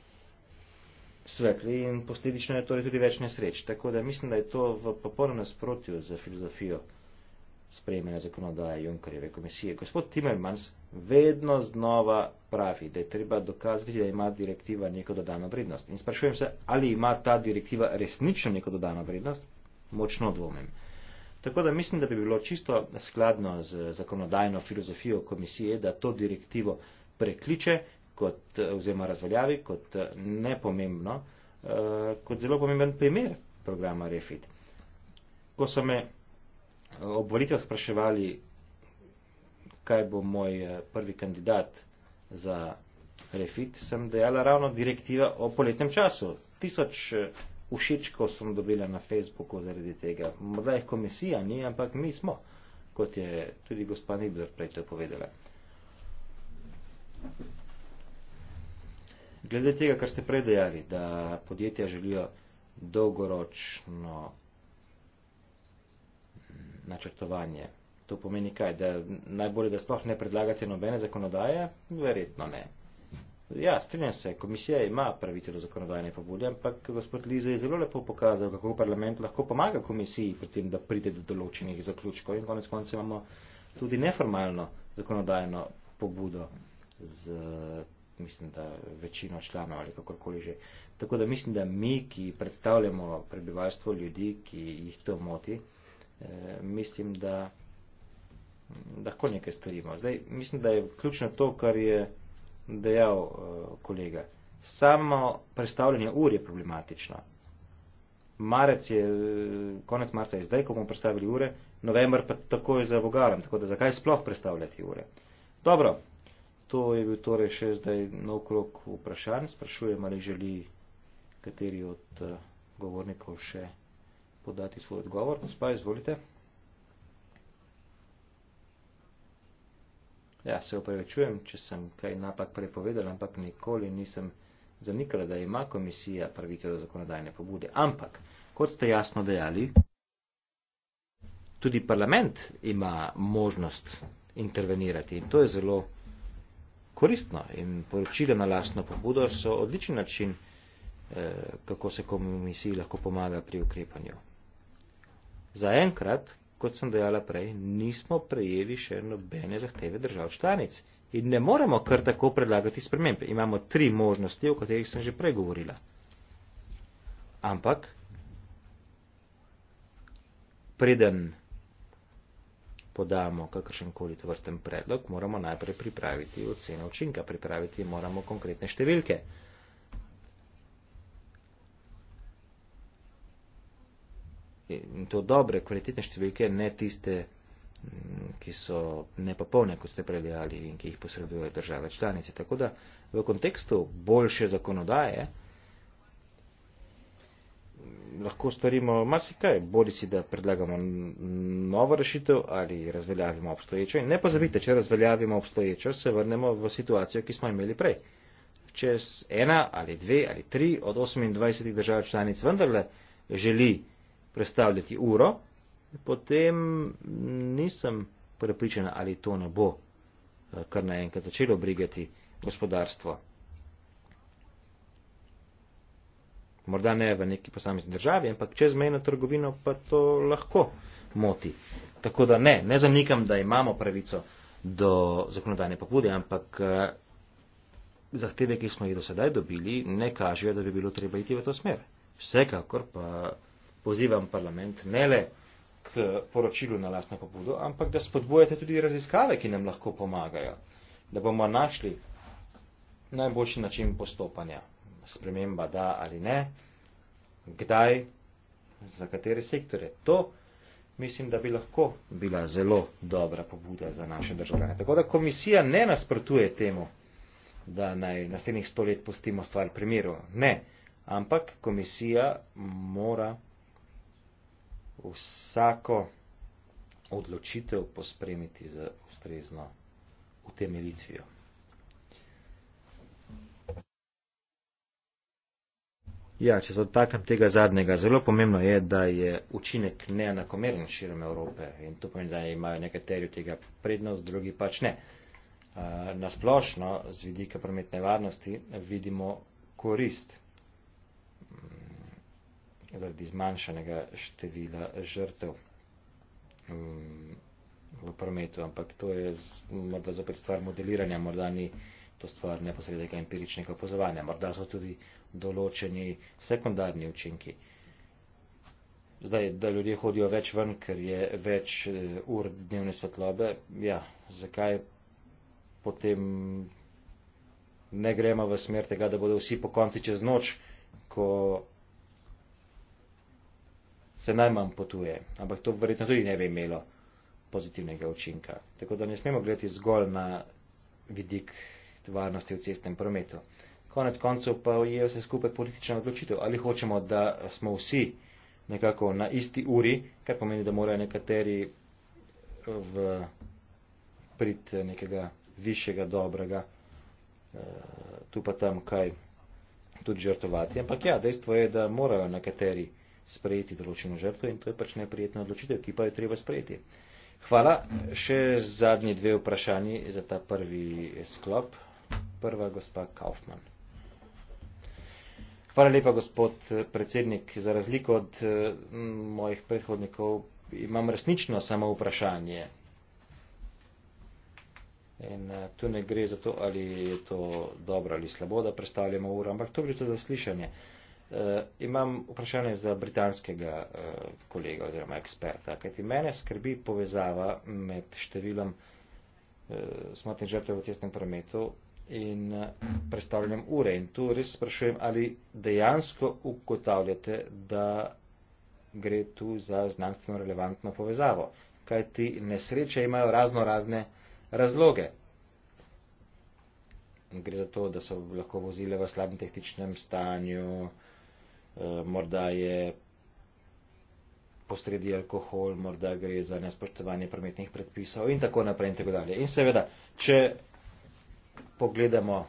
svetli in posledično je torej tudi več nesreč. Tako da mislim, da je to v popolnem nasprotju za filozofijo sprejmena zakonodaje Junkerjeve komisije. Gospod Timmermans vedno znova pravi, da je treba dokazati, da ima direktiva neko dodano vrednost. In sprašujem se, ali ima ta direktiva resnično neko dodano vrednost? Močno dvomim. Tako da mislim, da bi bilo čisto skladno z zakonodajno filozofijo komisije, da to direktivo prekliče kot, oziroma razveljavi kot eh, nepomembno, eh, kot zelo pomemben primer programa Refit. Ko so me eh, ob volitvah spraševali, kaj bo moj prvi kandidat za Refit, sem dejala ravno direktiva o poletnem času. 1000 všečkov sem dobila na Facebooku zaradi tega. Morda jih komisija ni, ampak mi smo, kot je tudi gospa Nibler prej to povedala. Glede tega, kar ste prej dejali, da podjetja želijo dolgoročno načrtovanje. To pomeni kaj? Da najbolje, da sploh ne predlagate nobene zakonodaje? Verjetno ne. Ja, strinjam se, komisija ima pravice do zakonodajne pobude, ampak gospod Liza je zelo lepo pokazal, kako parlament lahko pomaga komisiji pri tem, da pride do določenih zaključkov in konec konca imamo tudi neformalno zakonodajno pobudo z, mislim, da večino članov ali kakorkoli že. Tako da mislim, da mi, ki predstavljamo prebivalstvo ljudi, ki jih to moti, eh, mislim, da lahko nekaj storimo. Zdaj, mislim, da je ključno to, kar je dejal eh, kolega. Samo predstavljanje ur je problematično. Marec je, eh, konec marca je zdaj, ko bomo predstavili ure, november pa tako je za Bogarom, tako da zakaj sploh predstavljati ure? Dobro, to je bil torej še zdaj nov krok vprašanj. Sprašujem, ali želi kateri od eh, govornikov še podati svoj odgovor. Gospa, izvolite. Ja, se upravičujem, če sem kaj napak prepovedal, ampak nikoli nisem zanikala, da ima komisija pravice do zakonodajne pobude. Ampak, kot ste jasno dejali, tudi parlament ima možnost intervenirati in to je zelo koristno. In poročila na lastno pobudo so odličen način, eh, kako se komisiji lahko pomaga pri ukrepanju. Zaenkrat kot sem dejala prej, nismo prejeli še nobene zahteve držav članic. In ne moremo kar tako predlagati spremembe. Imamo tri možnosti, o katerih sem že prej govorila. Ampak, preden podamo kakršen koli tovrsten predlog, moramo najprej pripraviti oceno učinka, pripraviti moramo konkretne številke. in to dobre, kvalitetne številke, ne tiste, mm, ki so nepopolne, kot ste predvidevali in ki jih posredujejo države članice. Tako da v kontekstu boljše zakonodaje mm, lahko storimo marsikaj, bodi si, da predlagamo novo rešitev ali razveljavimo obstoječo. In ne pozabite, če razveljavimo obstoječo, se vrnemo v situacijo, ki smo imeli prej. Čez ena ali dve ali tri od 28 držav članic vendarle želi predstavljati uro, potem nisem prepričan, ali to ne bo eh, kar naenkrat začelo brigati gospodarstvo. Morda ne v neki posamezni državi, ampak čezmejno trgovino pa to lahko moti. Tako da ne, ne zanikam, da imamo pravico do zakonodajne pobude, ampak eh, zahteve, ki smo jih do sedaj dobili, ne kažejo, da bi bilo treba iti v to smer. Vsekakor pa pozivam parlament ne le k poročilu na lastno pobudo, ampak da spodbujate tudi raziskave, ki nam lahko pomagajo, da bomo našli najboljši način postopanja, sprememba da ali ne, kdaj, za katere sektore. To mislim, da bi lahko bila zelo dobra pobuda za naše državljane. Tako da komisija ne nasprotuje temu, da naj naslednjih sto let postimo stvar primeru. Ne, ampak komisija mora vsako odločitev pospremiti z ustrezno utemeljitvijo. Ja, če se odtaknem tega zadnjega, zelo pomembno je, da je učinek neenakomeren širom Evrope in to pomeni, da imajo nekateri od tega prednost, drugi pač ne. Eh, na splošno z vidika prometne varnosti vidimo korist zaradi zmanjšanega števila žrtev mm, v prometu, ampak to je morda zopet stvar modeliranja, morda ni to stvar neposrednega empiričnega opozovanja, morda so tudi določeni sekundarni učinki. Zdaj, da ljudje hodijo več ven, ker je več eh, ur dnevne svetlobe, ja, zakaj potem ne gremo v smer tega, da bodo vsi po konci čez noč, ko se najmanj potuje. Ampak to verjetno tudi ne bi imelo pozitivnega učinka. Tako da ne smemo gledati zgolj na vidik varnosti v cestnem prometu. Konec koncev pa je vse skupaj politična odločitev. Ali hočemo, da smo vsi nekako na isti uri, kar pomeni, da morajo nekateri v prid nekega višjega dobrega, eh, tu pa tam kaj tudi žrtovati. Ampak ja, dejstvo je, da morajo nekateri sprejeti določeno žrtvo in to je pač neprijetna odločitev, ki pa jo treba sprejeti. Hvala. Še zadnji dve vprašanji za ta prvi sklop. Prva gospa Kaufmann. Hvala lepa, gospod eh, predsednik. Za razliko od eh, mojih predhodnikov imam resnično samo vprašanje. In eh, tu ne gre za to, ali je to dobro ali slabo, da predstavljamo uro, ampak to gre za zaslišanje. Uh, Uh, imam vprašanje za britanskega uh, kolega oziroma eksperta, kajti mene skrbi povezava med številom uh, smrtnih žrtev v cestnem prometu in uh, predstavljanjem ure. In tu res sprašujem, ali dejansko ugotavljate, da gre tu za znanstveno relevantno povezavo, kajti nesreče imajo razno razne razloge. Gre za to, da so lahko vozile v slabem tehničnem stanju, uh, Eh, morda je posredi alkohol, morda gre za nespoštovanje prometnih predpisov in tako naprej in tako dalje. In seveda, če pogledamo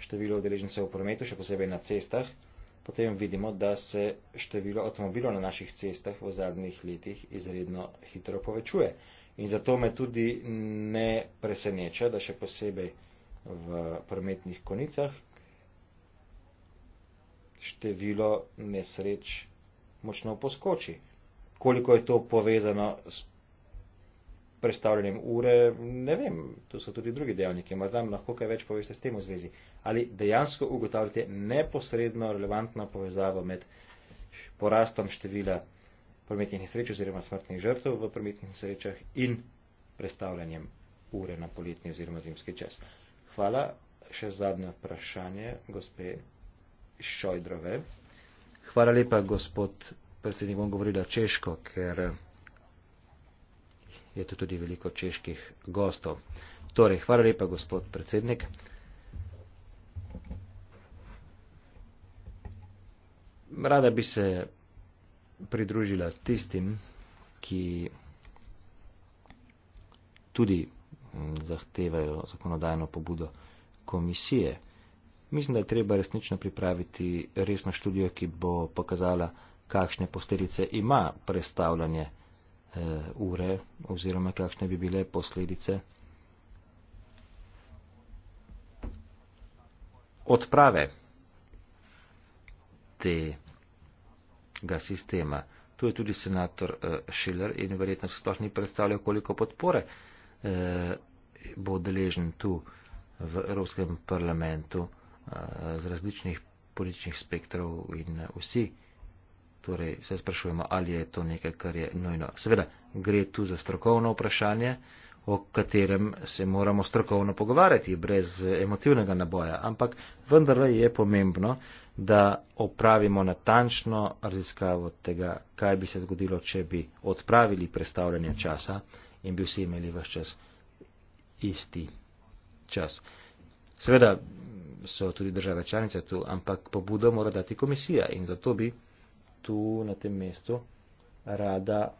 število udeležencev v prometu, še posebej na cestah, potem vidimo, da se število avtomobilov na naših cestah v zadnjih letih izredno hitro povečuje. In zato me tudi ne preseneča, da še posebej v prometnih konicah, število nesreč močno poskoči. Koliko je to povezano s predstavljanjem ure, ne vem, to so tudi drugi dejavniki, morda lahko kaj več poveste s tem v zvezi. Ali dejansko ugotavljate neposredno relevantno povezavo med porastom števila prometnih nesreč oziroma smrtnih žrtev v prometnih nesrečah in predstavljanjem ure na poletni oziroma zimski čas. Hvala. Še zadnje vprašanje, gospe iz Šojdrove. Hvala lepa, gospod predsednik, bom govorila češko, ker je tu tudi veliko čeških gostov. Torej, hvala lepa, gospod predsednik. Rada bi se pridružila tistim, ki tudi zahtevajo zakonodajno pobudo komisije mislim, da je treba resnično pripraviti resno študijo, ki bo pokazala, kakšne posledice ima prestavljanje e, ure oziroma kakšne bi bile posledice odprave tega sistema. Tu je tudi senator Šiller eh, in verjetno se sploh ni predstavljal, koliko podpore eh, bo deležen tu v Evropskem parlamentu z različnih političnih spektrov in vsi torej se sprašujemo, ali je to nekaj, kar je nojno. Seveda, gre tu za strokovno vprašanje, o katerem se moramo strokovno pogovarjati, brez emotivnega naboja, ampak vendarle je pomembno, da opravimo natančno raziskavo tega, kaj bi se zgodilo, če bi odpravili predstavljanje časa in bi vsi imeli vse čas isti čas. Seveda, so tudi države članice tu, ampak pobudo mora dati komisija in zato bi tu na tem mestu rada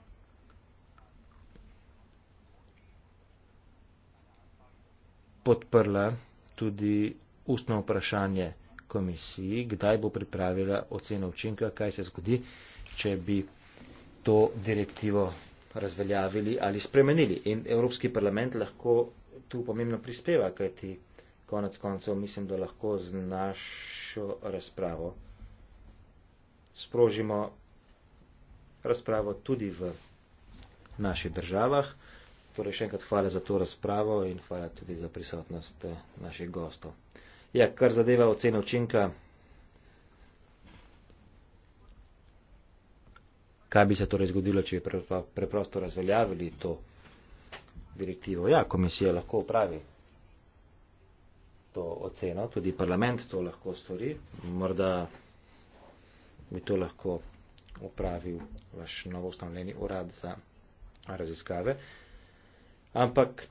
podprla tudi ustno vprašanje komisiji, kdaj bo pripravila oceno učinka, kaj se zgodi, če bi to direktivo razveljavili ali spremenili. In Evropski parlament lahko tu pomembno prispeva, kajti konec koncev mislim, da lahko z našo razpravo sprožimo razpravo tudi v naših državah. Torej še enkrat hvala za to razpravo in hvala tudi za prisotnost eh, naših gostov. Ja, kar zadeva ocene učinka, kaj bi se torej zgodilo, če bi preprosto razveljavili to direktivo. Ja, komisija lahko upravi to oceno, tudi parlament to lahko stori, morda bi to lahko upravil vaš novo ustanovljeni urad za raziskave. Ampak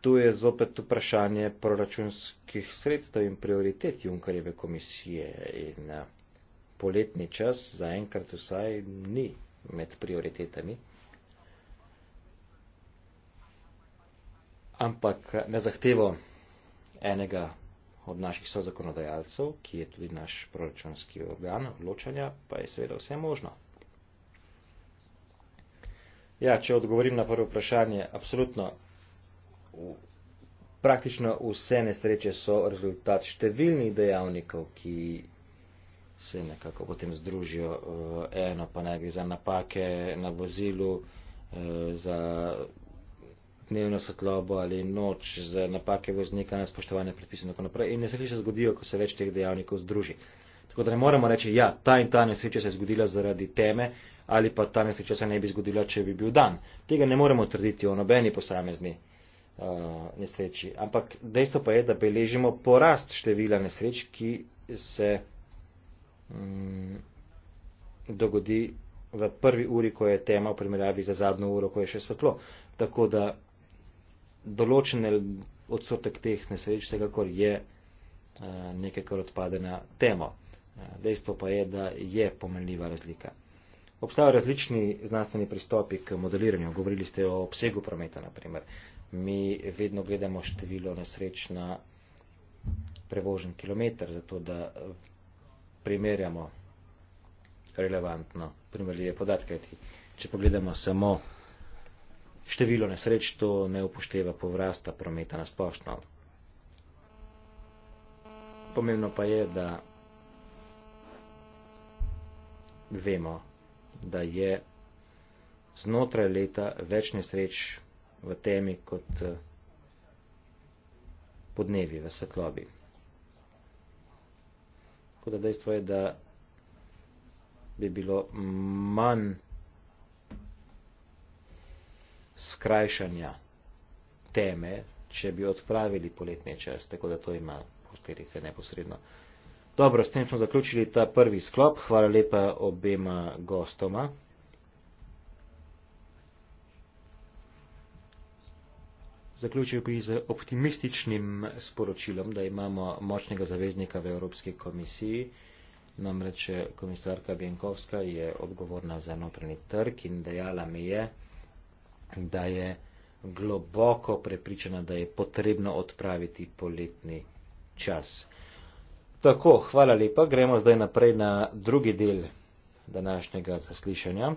tu je zopet vprašanje proračunskih sredstev in prioritet Junkarjeve komisije in eh, poletni čas zaenkrat vsaj ni med prioritetami. Ampak eh, ne zahtevo enega od naših sozakonodajalcev, ki je tudi naš proračunski organ odločanja, pa je seveda vse možno. Ja, če odgovorim na prvo vprašanje, apsolutno praktično vse nesreče so rezultat številnih dejavnikov, ki se nekako potem združijo v eh, eno, pa naj gre za napake na vozilu, eh, za dnevno svetlobo ali noč, z napake voznika, nespoštovanje predpisov in tako naprej. In nesreče se zgodijo, ko se več teh dejavnikov združi. Tako da ne moremo reči, ja, ta in ta nesreča se je zgodila zaradi teme ali pa ta nesreča se ne bi zgodila, če bi bil dan. Tega ne moremo trditi o nobeni posamezni uh, nesreči. Ampak dejstvo pa je, da beležimo porast števila nesreč, ki se um, dogodi v prvi uri, ko je tema v primerjavi za zadnjo uro, ko je še svetlo. Tako da določen odstotek teh nesreč, vsekakor je eh, nekaj, kar odpade na temo. Eh, dejstvo pa je, da je pomenljiva razlika. Obstajajo različni znanstveni pristopi k modeliranju. Govorili ste o obsegu prometa, naprimer. Mi vedno gledamo število nesreč na prevožen kilometr, zato da primerjamo relevantno primerljive podatke. Če pogledamo samo Število nesreč to ne upošteva povrasta prometa na splošno. Pomembno pa je, da vemo, da je znotraj leta več nesreč v temi kot eh, podnevi v svetlobi. Tako da dejstvo je, da bi bilo manj skrajšanja teme, če bi odpravili poletni čas, tako da to ima posledice neposredno. Dobro, s tem smo zaključili ta prvi sklop. Hvala lepa obema gostoma. Zaključil bi z optimističnim sporočilom, da imamo močnega zaveznika v Evropski komisiji. Namreč komisarka Bjenkovska je odgovorna za notranji trg in dejala mi je, da je globoko prepričana, da je potrebno odpraviti poletni čas. Tako, hvala lepa, gremo zdaj naprej na drugi del današnjega zaslišanja.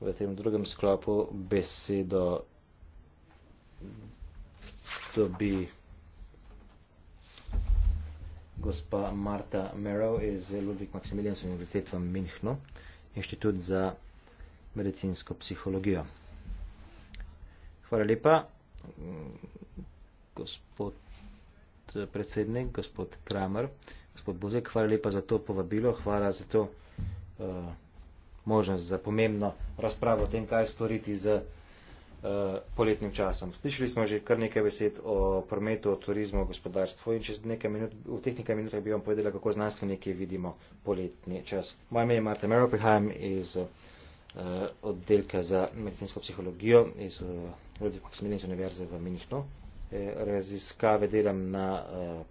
V tem drugem sklopu besedo dobi gospa Marta Merov iz Ludvig Maximilijans Univerzitet v Minhnu, inštitut za medicinsko psihologijo. Hvala lepa. Gospod predsednik, gospod Kramer, gospod Buzek, hvala lepa za to povabilo, hvala za to uh, možnost za pomembno razpravo o tem, kaj storiti z uh, poletnim časom. Slišali smo že kar nekaj besed o prometu, o turizmu, o gospodarstvu in čez nekaj minut, v teh nekaj minutah bi vam povedala, kako znanstveniki vidimo poletni čas. Moje ime je Marta Mero, prihajam iz. Uh, Eh, oddelka za medicinsko psihologijo iz eh, Ludvig Maximilians Univerze v Minihnu. Eh, raziskave delam na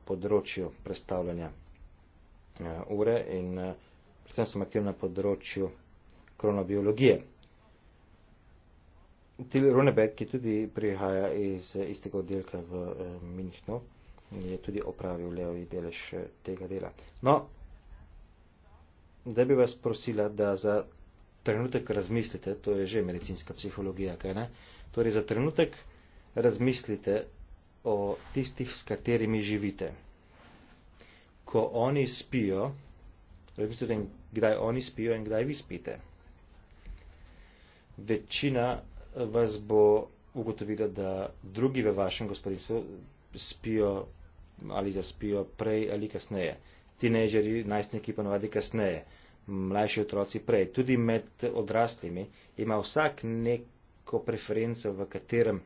področju predstavljanja ure in predvsem sem aktivna na področju kronobiologije. Til Runeberg, ki tudi prihaja iz istega oddelka v Minihnu, je tudi opravil levi delež tega dela. No, da bi vas prosila, da za trenutek razmislite, to je že medicinska psihologija, kaj ne? Torej, za trenutek razmislite o tistih, s katerimi živite. Ko oni spijo, razmislite, kdaj oni spijo in kdaj vi spite. Večina vas bo ugotovila, da drugi v vašem gospodinstvu spijo ali zaspijo prej ali kasneje. Tinežeri, najstniki pa navadi kasneje mlajši otroci prej. Tudi med odraslimi ima vsak neko preferenco, v katerem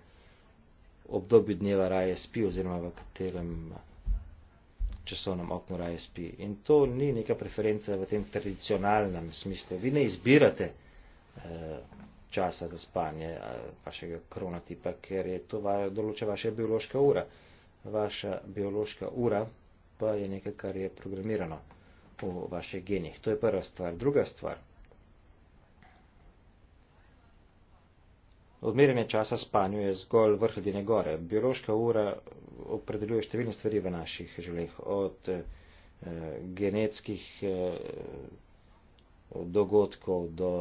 obdobju dneva raje spi oziroma v katerem časovnem oknu raje spi. In to ni neka preferenca v tem tradicionalnem smislu. Vi ne izbirate eh, časa za spanje eh, vašega kronotipa, ker je to določa vaša biološka ura. Vaša biološka ura pa je nekaj, kar je programirano po vaših genih. To je prva stvar. Druga stvar. Odmerjanje časa spanju je zgolj vrh ledene gore. Biološka ura opredeljuje številne stvari v naših življenjih, od eh, genetskih eh, dogodkov do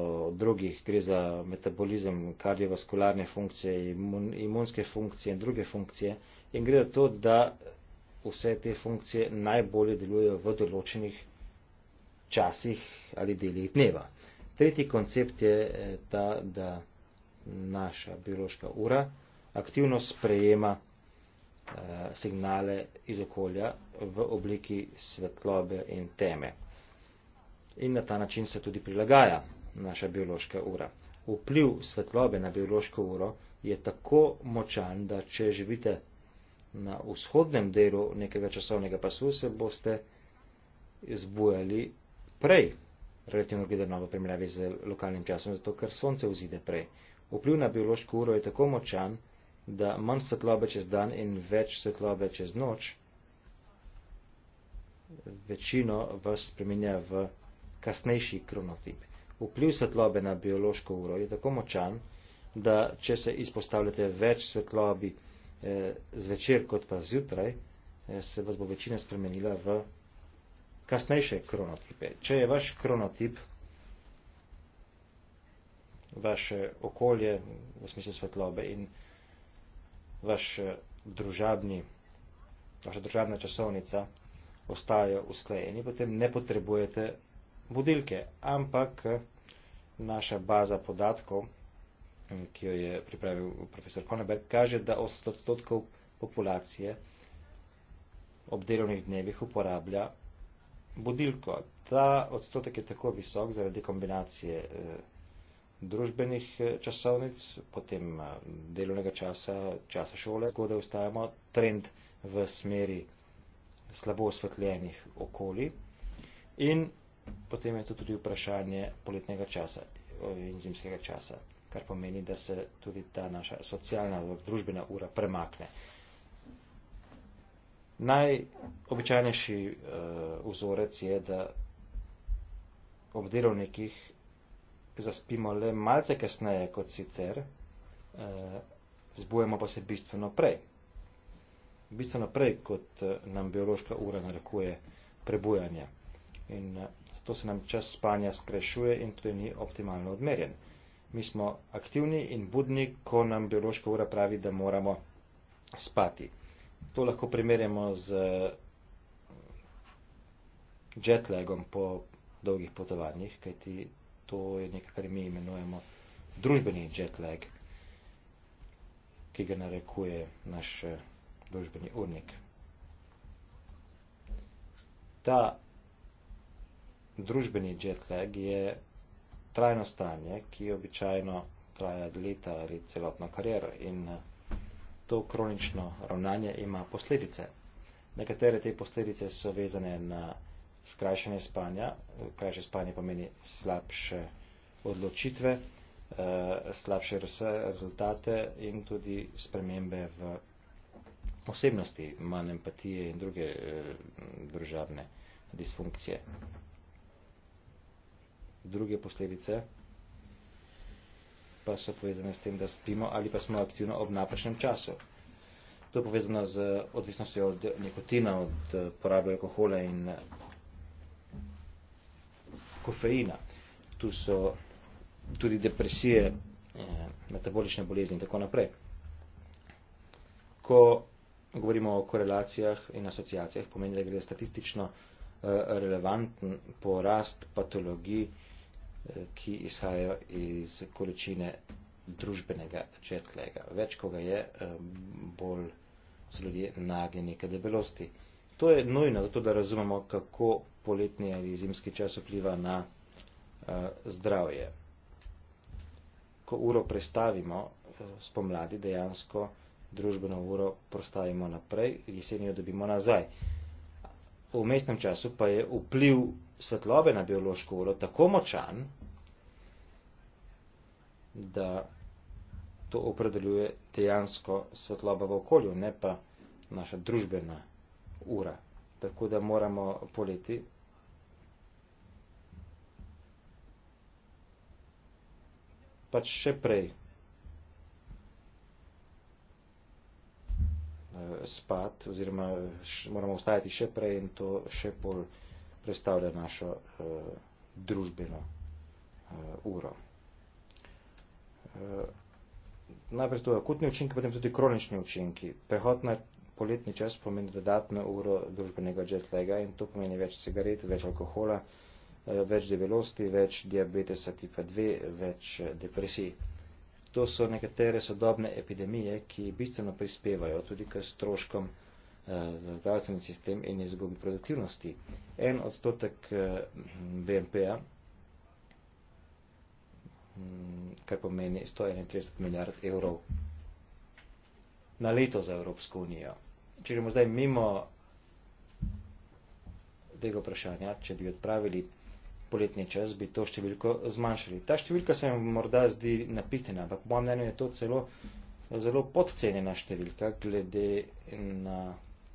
drugih, gre za metabolizem, kardiovaskularne funkcije, imun, imunske funkcije in druge funkcije. In gre za to, da vse te funkcije najbolje delujejo v določenih časih ali delih dneva. Tretji koncept je eh, ta, da naša biološka ura aktivno sprejema eh, signale iz okolja v obliki svetlobe in teme. In na ta način se tudi prilagaja naša biološka ura. Vpliv svetlobe na biološko uro je tako močan, da če živite na vzhodnem delu nekega časovnega pasu, se boste zbujali prej, relativno gledano v primerjavi z lokalnim časom, zato ker sonce vzide prej. Vpliv na biološko uro je tako močan, da manj svetlobe čez dan in več svetlobe čez noč večino vas spremenja v kasnejši kronotip. Vpliv svetlobe na biološko uro je tako močan, da če se izpostavljate več svetlobi eh, zvečer kot pa zjutraj, eh, se vas bo večina spremenila v kasnejše kronotipe. Če je vaš kronotip, vaše okolje, v smislu svetlobe in vaš eh, družabni, vaša družabna časovnica ostajajo usklajeni, potem ne potrebujete budilke, ampak eh, naša baza podatkov, mm, ki jo je pripravil profesor Koneberg, kaže, da 80% populacije ob delovnih dnevih uporablja budilko. Ta odstotek je tako visok zaradi kombinacije eh, družbenih eh, časovnic, potem eh, delovnega časa, časa šole, ko da ustajamo trend v smeri slabo osvetljenih okoli. In potem je to tudi vprašanje poletnega časa in zimskega časa, kar pomeni, da se tudi ta naša socialna, družbena ura premakne. Najobičajnejši uh, vzorec je, da ob delovnikih zaspimo le malce kasneje kot sicer, uh, zbujemo pa se bistveno prej. Bistveno prej, kot uh, nam biološka ura narekuje prebujanje. In uh, zato se nam čas spanja skrešuje in tudi ni optimalno odmerjen. Mi smo aktivni in budni, ko nam biološka ura pravi, da moramo spati to lahko primerjamo z jetlagom po dolgih potovanjih, kajti to je nekaj, kar mi imenujemo družbeni jetlag, ki ga narekuje naš eh, družbeni urnik. Ta družbeni jetlag je trajno stanje, ki običajno traja leta ali celotno kariero in eh, to kronično ravnanje ima posledice. Nekatere te posledice so vezane na skrajšanje spanja, krajše spanje pomeni slabše odločitve, eh, slabše rezultate in tudi spremembe v osebnosti, manj empatije in druge eh, družabne disfunkcije. Druge posledice pa so povezane s tem, da spimo ali pa smo aktivno ob napačnem času. To je povezano z odvisnostjo od nikotina, od eh, porabe alkohola in eh, kofeina. Tu so tudi depresije, eh, metabolične bolezni in tako naprej. Ko govorimo o korelacijah in asociacijah, pomeni, da gre statistično relevanten porast patologij, ki izhajajo iz količine družbenega četlega. Več, ko ga je, bolj so ljudje nagnjeni k debelosti. To je nujno, zato da razumemo, kako poletni ali zimski čas vpliva na uh, zdravje. Ko uro prestavimo uh, spomladi, dejansko družbeno uro prostavimo naprej, jesenjo dobimo nazaj. V mestnem času pa je vpliv svetlobe na biološko uro tako močan, da to opredeljuje dejansko svetloba v okolju, ne pa naša družbena ura. Tako da moramo poleti pač še prej eh, spati oziroma moramo ustajati še prej in to še bolj predstavlja našo uh, družbeno uh, uro. Uh, najprej to akutni učinki, potem tudi kronični učinki. Prehod na poletni čas pomeni dodatno uro družbenega jetlaga in to pomeni več cigaret, več alkohola, uh, več debelosti, več diabetesa tipa 2, več uh, depresij. To so nekatere sodobne epidemije, ki bistveno prispevajo tudi k stroškom uh, za eh, zdravstveni sistem in izgubi produktivnosti. En odstotek eh, BNP-a, mm, kar pomeni 131 milijard evrov na leto za Evropsko unijo. Če gremo zdaj mimo tega vprašanja, če bi odpravili poletni čas, bi to številko zmanjšali. Ta številka se mi morda zdi napitena, ampak po mnenju je to celo zelo podcenjena številka glede na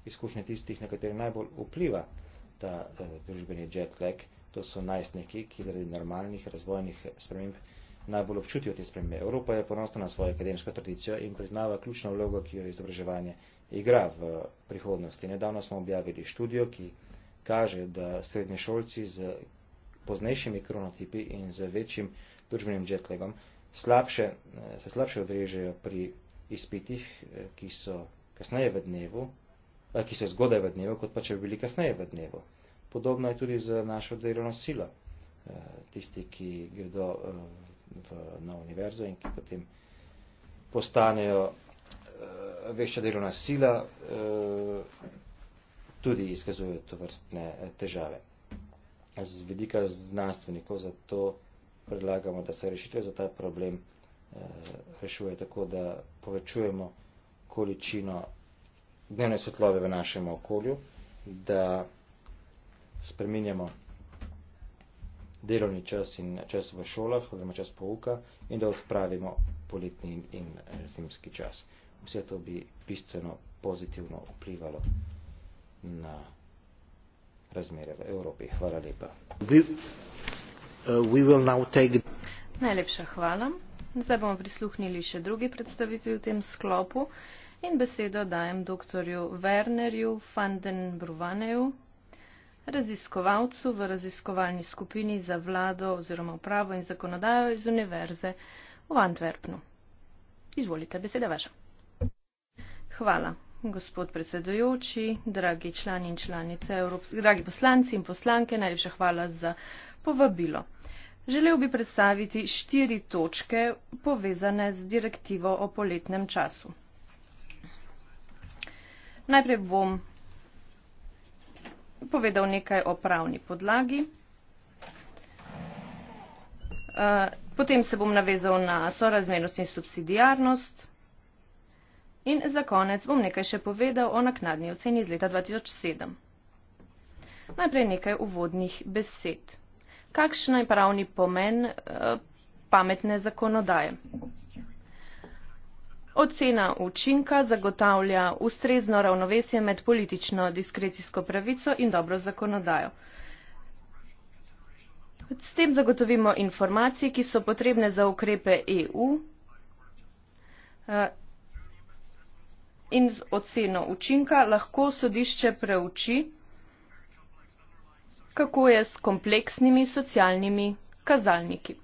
izkušnje tistih, na katere najbolj vpliva ta uh, družbeni jet lag, to so najstniki, ki zaradi normalnih razvojnih sprememb najbolj občutijo te spremembe. Evropa je ponosna na svojo akademsko tradicijo in priznava ključno vlogo, ki jo izobraževanje igra v prihodnosti. Nedavno smo objavili študijo, ki kaže, da srednje šolci z poznejšimi kronotipi in z večjim družbenim jetlagom slabše, eh, se slabše odrežejo pri izpitih, eh, ki so kasneje v dnevu Eh, ki so zgodaj v dnevu, kot pa če bi bili kasneje v dnevu. Podobno je tudi z našo delovno silo. Eh, tisti, ki gredo eh, na univerzo in ki potem postanejo večja delovna sila, tudi izkazujejo to vrstne težave. Z vidika znanstvenikov zato predlagamo, da se rešitve za ta problem rešuje tako, da povečujemo količino dnevne svetlove v našem okolju, da spreminjamo delovni čas in čas v šolah, oziroma čas pouka in da odpravimo poletni in, in zimski čas. Vse to bi bistveno pozitivno vplivalo na razmere v Evropi. Hvala lepa. We, uh, we take... Najlepša hvala. Zdaj bomo prisluhnili še drugi predstavitvi v tem sklopu. Uh, in besedo dajem dr. Wernerju van den Bruvaneju, raziskovalcu v raziskovalni skupini za vlado oziroma upravo in zakonodajo iz Univerze v Antwerpnu. Izvolite, beseda vaša. Hvala, gospod predsedujoči, dragi člani in članice, dragi poslanci in poslanke, najlepša hvala za povabilo. Želel bi predstaviti štiri točke povezane z direktivo o poletnem času. Najprej bom povedal nekaj o pravni podlagi. Eh, potem se bom navezal na sorazmernost in subsidijarnost. In za konec bom nekaj še povedal o naknadni oceni iz leta 2007. Najprej nekaj uvodnih besed. Kakšen je pravni pomen eh, pametne zakonodaje? Ocena učinka zagotavlja ustrezno ravnovesje med politično diskrecijsko pravico in dobro zakonodajo. S tem zagotovimo informacije, ki so potrebne za ukrepe EU eh, in z oceno učinka lahko sodišče preuči, kako je s kompleksnimi socialnimi kazalniki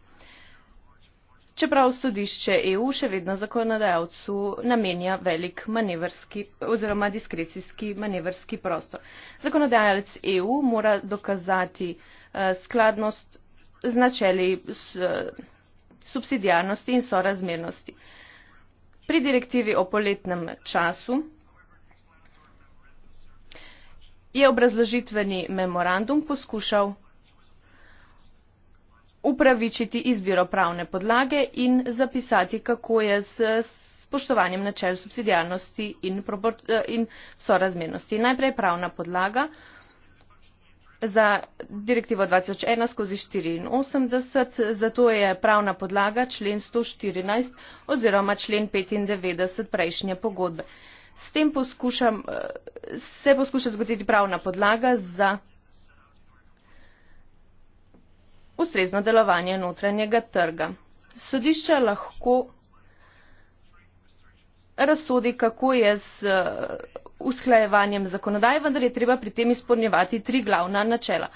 čeprav sodišče EU še vedno zakonodajalcu namenja velik manevrski oziroma diskrecijski manevrski prostor. Zakonodajalec EU mora dokazati uh, skladnost z načeli s, uh, subsidijarnosti in sorazmernosti. Pri direktivi o poletnem času je obrazložitveni memorandum poskušal upravičiti izbiro pravne podlage in zapisati, kako je s spoštovanjem načel subsidijarnosti in, eh, in sorazmernosti. Najprej pravna podlaga za direktivo 2001 skozi 84, zato je pravna podlaga člen 114 oziroma člen 95 prejšnje pogodbe. S tem poskušam, eh, se poskuša zgoditi pravna podlaga za ustrezno delovanje notranjega trga. Sodišče lahko razsodi, kako je z eh, usklajevanjem zakonodaje, vendar je treba pri tem izpolnjevati tri glavna načela.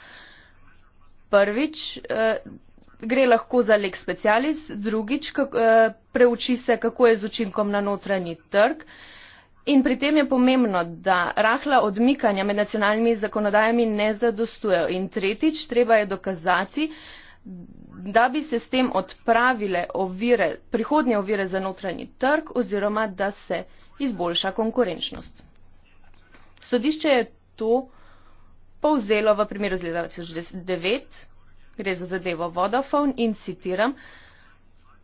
Prvič, eh, gre lahko za lek specialis, drugič, eh, preuči se, kako je z učinkom na notranji trg. In pri tem je pomembno, da rahla odmikanja med nacionalnimi zakonodajami ne zadostujejo. In tretjič, treba je dokazati, da bi se s tem odpravile ovire, prihodnje ovire za notranji trg oziroma da se izboljša konkurenčnost. Sodišče je to povzelo v primeru z leta 2009, gre za zadevo Vodafone in citiram,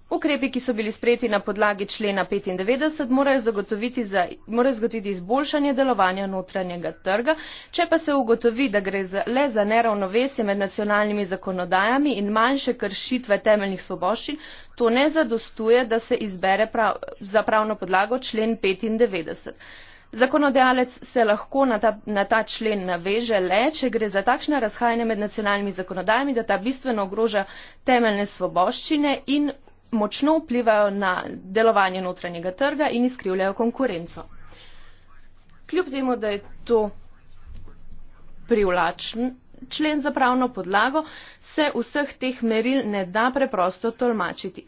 Ukrepi, ki so bili sprejeti na podlagi člena 95, morajo zagotoviti, za, morajo zagotoviti izboljšanje delovanja notranjega trga. Če pa se ugotovi, da gre za, le za neravnovesje med nacionalnimi zakonodajami in manjše kršitve temeljnih svoboščin, to ne zadostuje, da se izbere prav, za pravno podlago člen 95. Zakonodajalec se lahko na ta, na ta člen naveže le, če gre za takšne razhajanje med nacionalnimi zakonodajami, da ta bistveno ogroža temeljne svoboščine in močno vplivajo na delovanje notranjega trga in izkrivljajo konkurenco. Kljub temu, da je to privlačen člen za pravno podlago, se vseh teh meril ne da preprosto tolmačiti.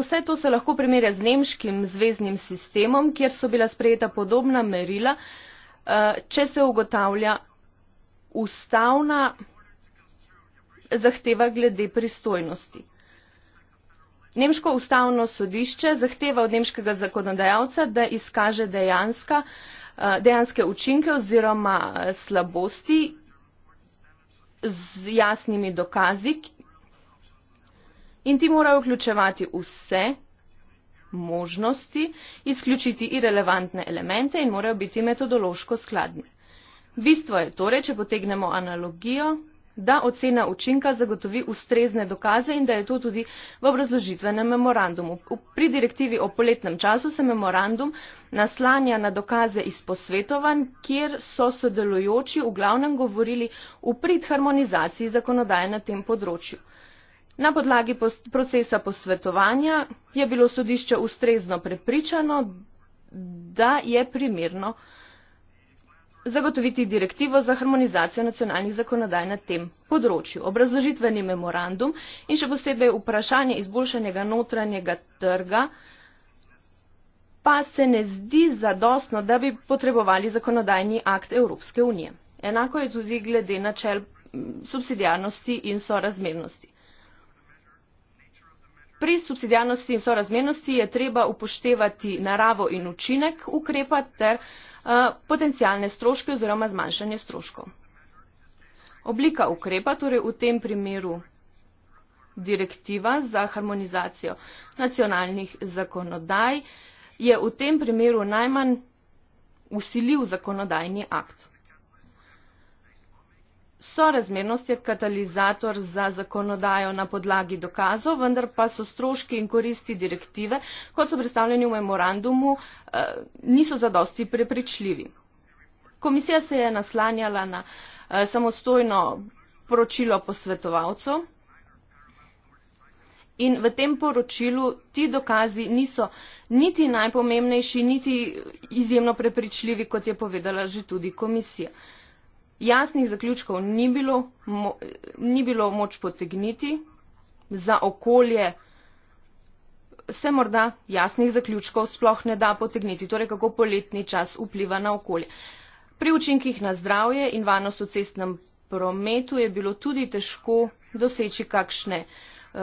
Vse to se lahko primerja z nemškim zvezdnim sistemom, kjer so bila sprejeta podobna merila, eh, če se ugotavlja ustavna zahteva glede pristojnosti. Nemško ustavno sodišče zahteva od nemškega zakonodajalca, da izkaže dejanska, eh, dejanske učinke oziroma eh, slabosti z jasnimi dokazi in ti morajo vključevati vse možnosti, izključiti irelevantne elemente in morajo biti metodološko skladni. Bistvo je torej, če potegnemo analogijo, da ocena učinka zagotovi ustrezne dokaze in da je to tudi v obrazložitvenem memorandumu. Pri direktivi o poletnem času se memorandum naslanja na dokaze iz posvetovanj, kjer so sodelujoči v glavnem govorili v prid harmonizaciji zakonodaje na tem področju. Na podlagi procesa posvetovanja je bilo sodišče ustrezno prepričano, da je primerno zagotoviti direktivo za harmonizacijo nacionalnih zakonodaj na tem področju. Obrazložitveni memorandum in še posebej vprašanje izboljšanjega notranjega trga pa se ne zdi zadostno, da bi potrebovali zakonodajni akt Evropske unije. Enako je tudi glede načel subsidijarnosti in sorazmernosti. Pri subsidijarnosti in sorazmernosti je treba upoštevati naravo in učinek ukrepa ter Eh, potencijalne stroške oziroma zmanjšanje stroškov. Oblika ukrepa, torej v tem primeru direktiva za harmonizacijo nacionalnih zakonodaj, je v tem primeru najmanj usiljiv zakonodajni akt. Sorazmernost je katalizator za zakonodajo na podlagi dokazov, vendar pa so stroški in koristi direktive, kot so predstavljeni v memorandumu, eh, niso zadosti prepričljivi. Komisija se je naslanjala na eh, samostojno poročilo posvetovalcev. In v tem poročilu ti dokazi niso niti najpomembnejši, niti izjemno prepričljivi, kot je povedala že tudi komisija. Uh, jasnih zaključkov ni bilo, mo, ni bilo moč potegniti za okolje. Se morda jasnih zaključkov sploh ne da potegniti, torej kako poletni čas vpliva na okolje. Pri učinkih na zdravje in varnost v cestnem prometu je bilo tudi težko doseči kakšne uh,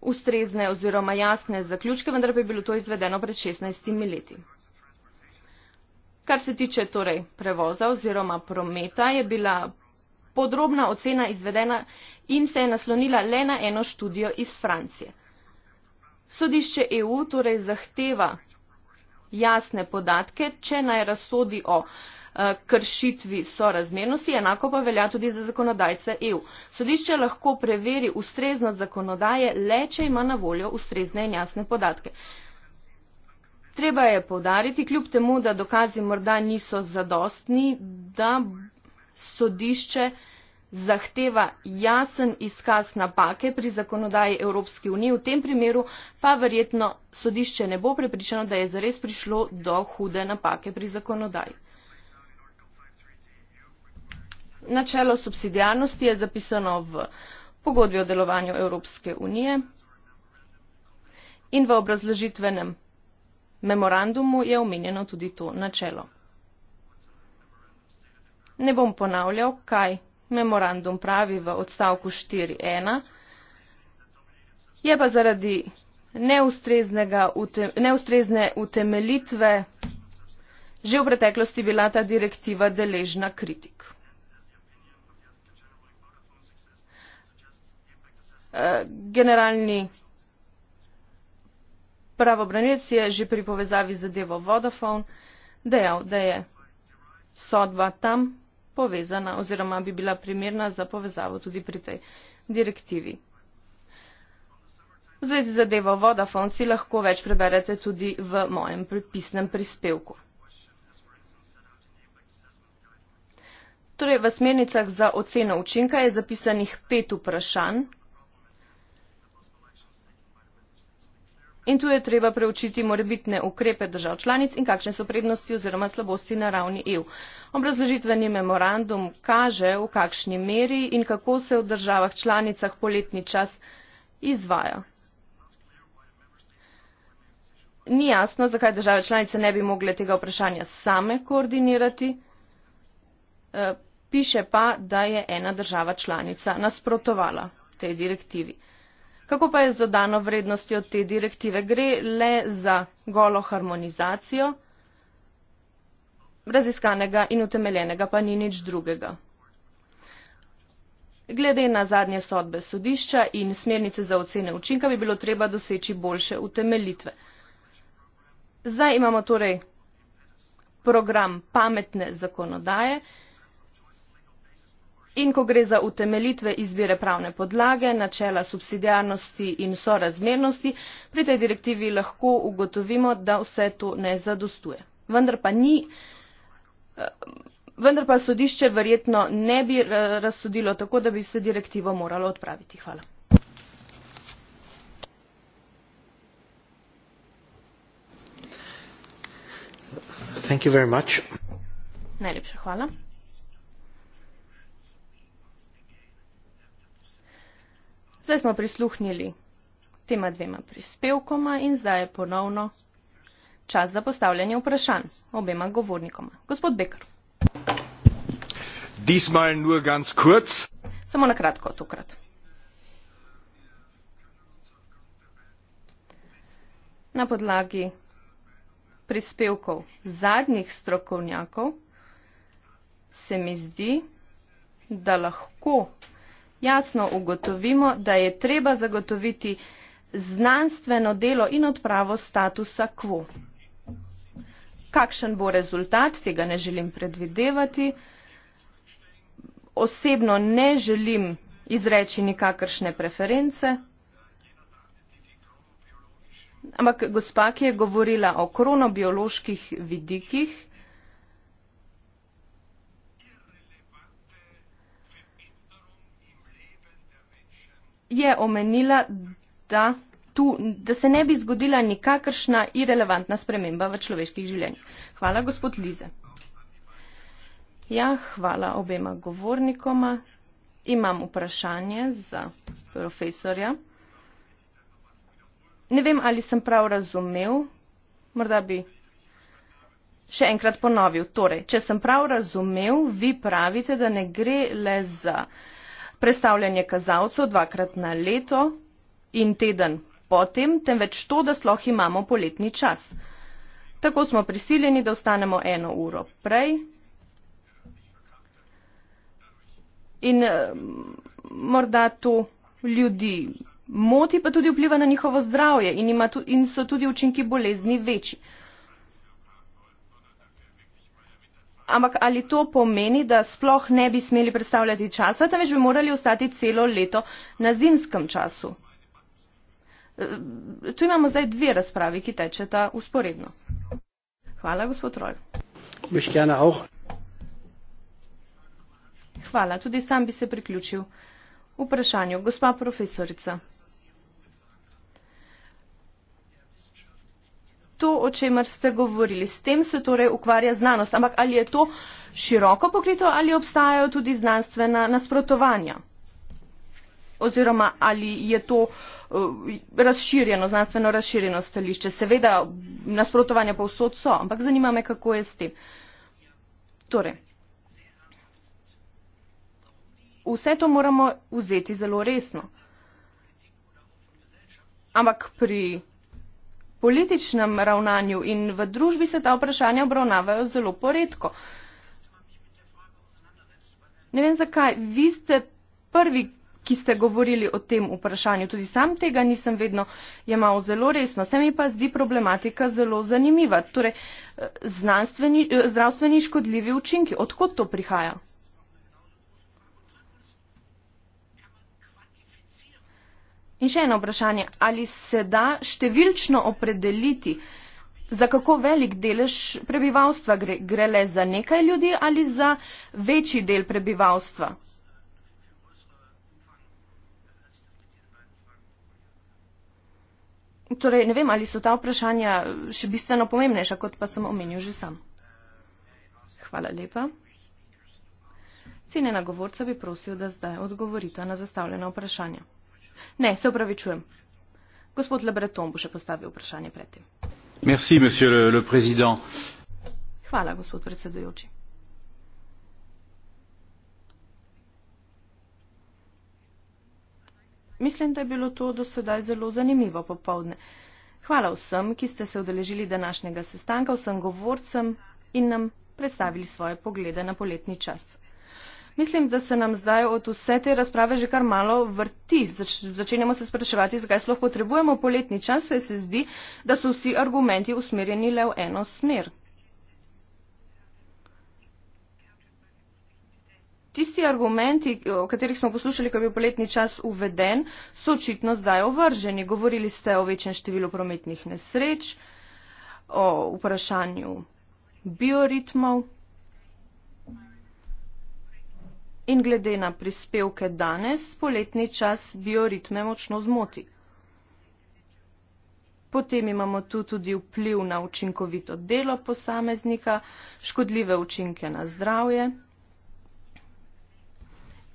ustrezne oziroma jasne zaključke, vendar pa je bilo to izvedeno pred 16 leti. Kar se tiče torej prevoza oziroma prometa, je bila podrobna ocena izvedena in se je naslonila le na eno študijo iz Francije. Sodišče EU torej zahteva jasne podatke, če naj razsodi o eh, kršitvi sorazmernosti, enako pa velja tudi za zakonodajce EU. Sodišče lahko preveri ustreznost zakonodaje le, če ima na voljo ustrezne in jasne podatke. Treba je povdariti, kljub temu, da dokazi morda niso zadostni, da sodišče zahteva jasen izkaz napake pri zakonodaji Evropske unije, v tem primeru pa verjetno sodišče ne bo prepričano, da je zares prišlo do hude napake pri zakonodaji. Načelo subsidijarnosti je zapisano v pogodbi o delovanju Evropske unije in v obrazložitvenem memorandumu je omenjeno tudi to načelo. Ne bom ponavljal, kaj memorandum pravi v odstavku 4.1. Je pa zaradi neustrezne utemelitve že v preteklosti bila ta direktiva deležna kritik. Eh, generalni Pravobranilec je že pri povezavi zadevo Vodafone dejal, da je sodba tam povezana oziroma bi bila primerna za povezavo tudi pri tej direktivi. V zvezi z zadevo Vodafone si lahko več preberete tudi v mojem pisnem prispevku. Torej, v smernicah za oceno učinka je zapisanih pet vprašanj. In tu je treba preučiti morebitne ukrepe držav članic in kakšne so prednosti oziroma slabosti na ravni EU. Obrazložitveni memorandum kaže, v kakšni meri in kako se v državah članicah poletni čas izvaja. Ni jasno, zakaj države članice ne bi mogle tega vprašanja same koordinirati. Eh, piše pa, da je ena država članica nasprotovala tej direktivi. Kako pa je z dodano vrednostjo te direktive? Gre le za golo harmonizacijo, raziskanega in utemeljenega pa ni nič drugega. Glede na zadnje sodbe sodišča in smernice za ocene učinka bi bilo treba doseči boljše utemeljitve. Zdaj imamo torej program pametne zakonodaje, in ko gre za utemeljitve izbire pravne podlage načela subsidiarnosti in sorazmernosti pri tej direktivi lahko ugotovimo da vse to ne zadostuje vendar pa ni eh, vendar pa sodišče verjetno ne bi eh, razsodilo tako da bi se direktivo moralo odpraviti hvala Thank you very much. Najlepša hvala. Zdaj smo prisluhnili tema dvema prispevkoma in zdaj je ponovno čas za postavljanje vprašanj obema govornikoma. Gospod Bekr. Diesmal nur ganz kurz. Samo na kratko tokrat. Na podlagi prispevkov zadnjih strokovnjakov se mi zdi, da lahko jasno ugotovimo, da je treba zagotoviti znanstveno delo in odpravo statusa quo. Kakšen bo rezultat, tega ne želim predvidevati. Osebno ne želim izreči nikakršne preference. Ampak gospa, ki je govorila o kronobioloških vidikih, je omenila, da, tu, da se ne bi zgodila nikakršna irelevantna sprememba v človeških življenjih. Hvala, gospod Lize. Ja, hvala obema govornikoma. Imam vprašanje za profesorja. Ne vem, ali sem prav razumel, morda bi še enkrat ponovil. Torej, če sem prav razumel, vi pravite, da ne gre le za predstavljanje kazalcev dvakrat na leto in teden potem, temveč to, da sploh imamo poletni čas. Tako smo prisiljeni, da ostanemo eno uro prej. In eh, morda to ljudi moti, pa tudi vpliva na njihovo zdravje in, tu, in so tudi učinki bolezni večji. Ampak ali to pomeni, da sploh ne bi smeli predstavljati časa, temveč bi morali ostati celo leto na zimskem času? E, tu imamo zdaj dve razpravi, ki tečeta usporedno. Hvala, gospod Troj. Hvala, tudi sam bi se priključil vprašanju. Gospa profesorica. to, o čemer ste govorili. S tem se torej ukvarja znanost. Ampak ali je to široko pokrito ali obstajajo tudi znanstvena nasprotovanja? Oziroma ali je to eh, razširjeno, znanstveno razširjeno stališče? Seveda nasprotovanja povsod so, ampak zanima me, kako je s tem. Torej, vse to moramo vzeti zelo resno. Ampak pri političnem ravnanju in v družbi se ta vprašanja obravnavajo zelo poredko. Ne vem zakaj, vi ste prvi, ki ste govorili o tem vprašanju. Tudi sam tega nisem vedno jemal zelo resno. Se mi pa zdi problematika zelo zanimiva. Torej, eh, eh, zdravstveni škodljivi učinki, odkot to prihaja? In še eno vprašanje, ali se da številčno opredeliti, za kako velik delež prebivalstva gre, gre le za nekaj ljudi ali za večji del prebivalstva? Torej, ne vem, ali so ta vprašanja še bistveno pomembnejša, kot pa sem omenil že sam. Hvala lepa. Cenjena govorca bi prosil, da zdaj odgovorita na zastavljena vprašanja. Ne, se upravičujem. Gospod Lebreton bo še postavil vprašanje predtem. Merci, monsieur le, le président. Hvala, gospod predsedujoči. Mislim, da je bilo to do sedaj zelo zanimivo popovdne. Hvala vsem, ki ste se odeležili današnjega sestanka, vsem govorcem in nam predstavili svoje poglede na poletni čas. Mislim, da se nam zdaj od vse te razprave že kar malo vrti. Zač začenjamo se spraševati, zakaj sploh potrebujemo poletni čas, saj se zdi, da so vsi argumenti usmerjeni le v eno smer. Tisti argumenti, o katerih smo poslušali, ko je bil poletni čas uveden, so očitno zdaj ovrženi. Govorili ste o večjem številu prometnih nesreč, o vprašanju bioritmov. in glede na prispevke danes poletni čas bioritme močno zmoti. Potem imamo tu tudi vpliv na učinkovito delo posameznika, škodljive učinke na zdravje.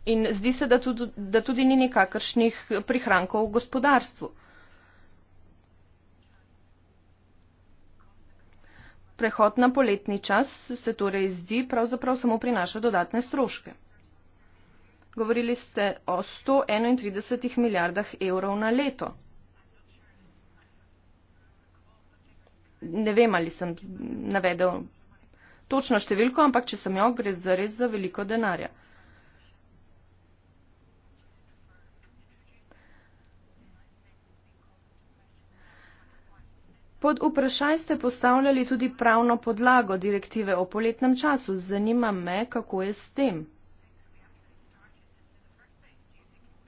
In zdi se, da tudi, da tudi ni nikakršnih prihrankov v gospodarstvu. Prehod na poletni čas se torej zdi pravzaprav samo prinaša dodatne stroške govorili ste o 131 milijardah evrov na leto. Ne vem, ali sem navedel točno številko, ampak če sem jo, gre za res za veliko denarja. Pod vprašaj ste postavljali tudi pravno podlago direktive o poletnem času. Zanima me, kako je s tem.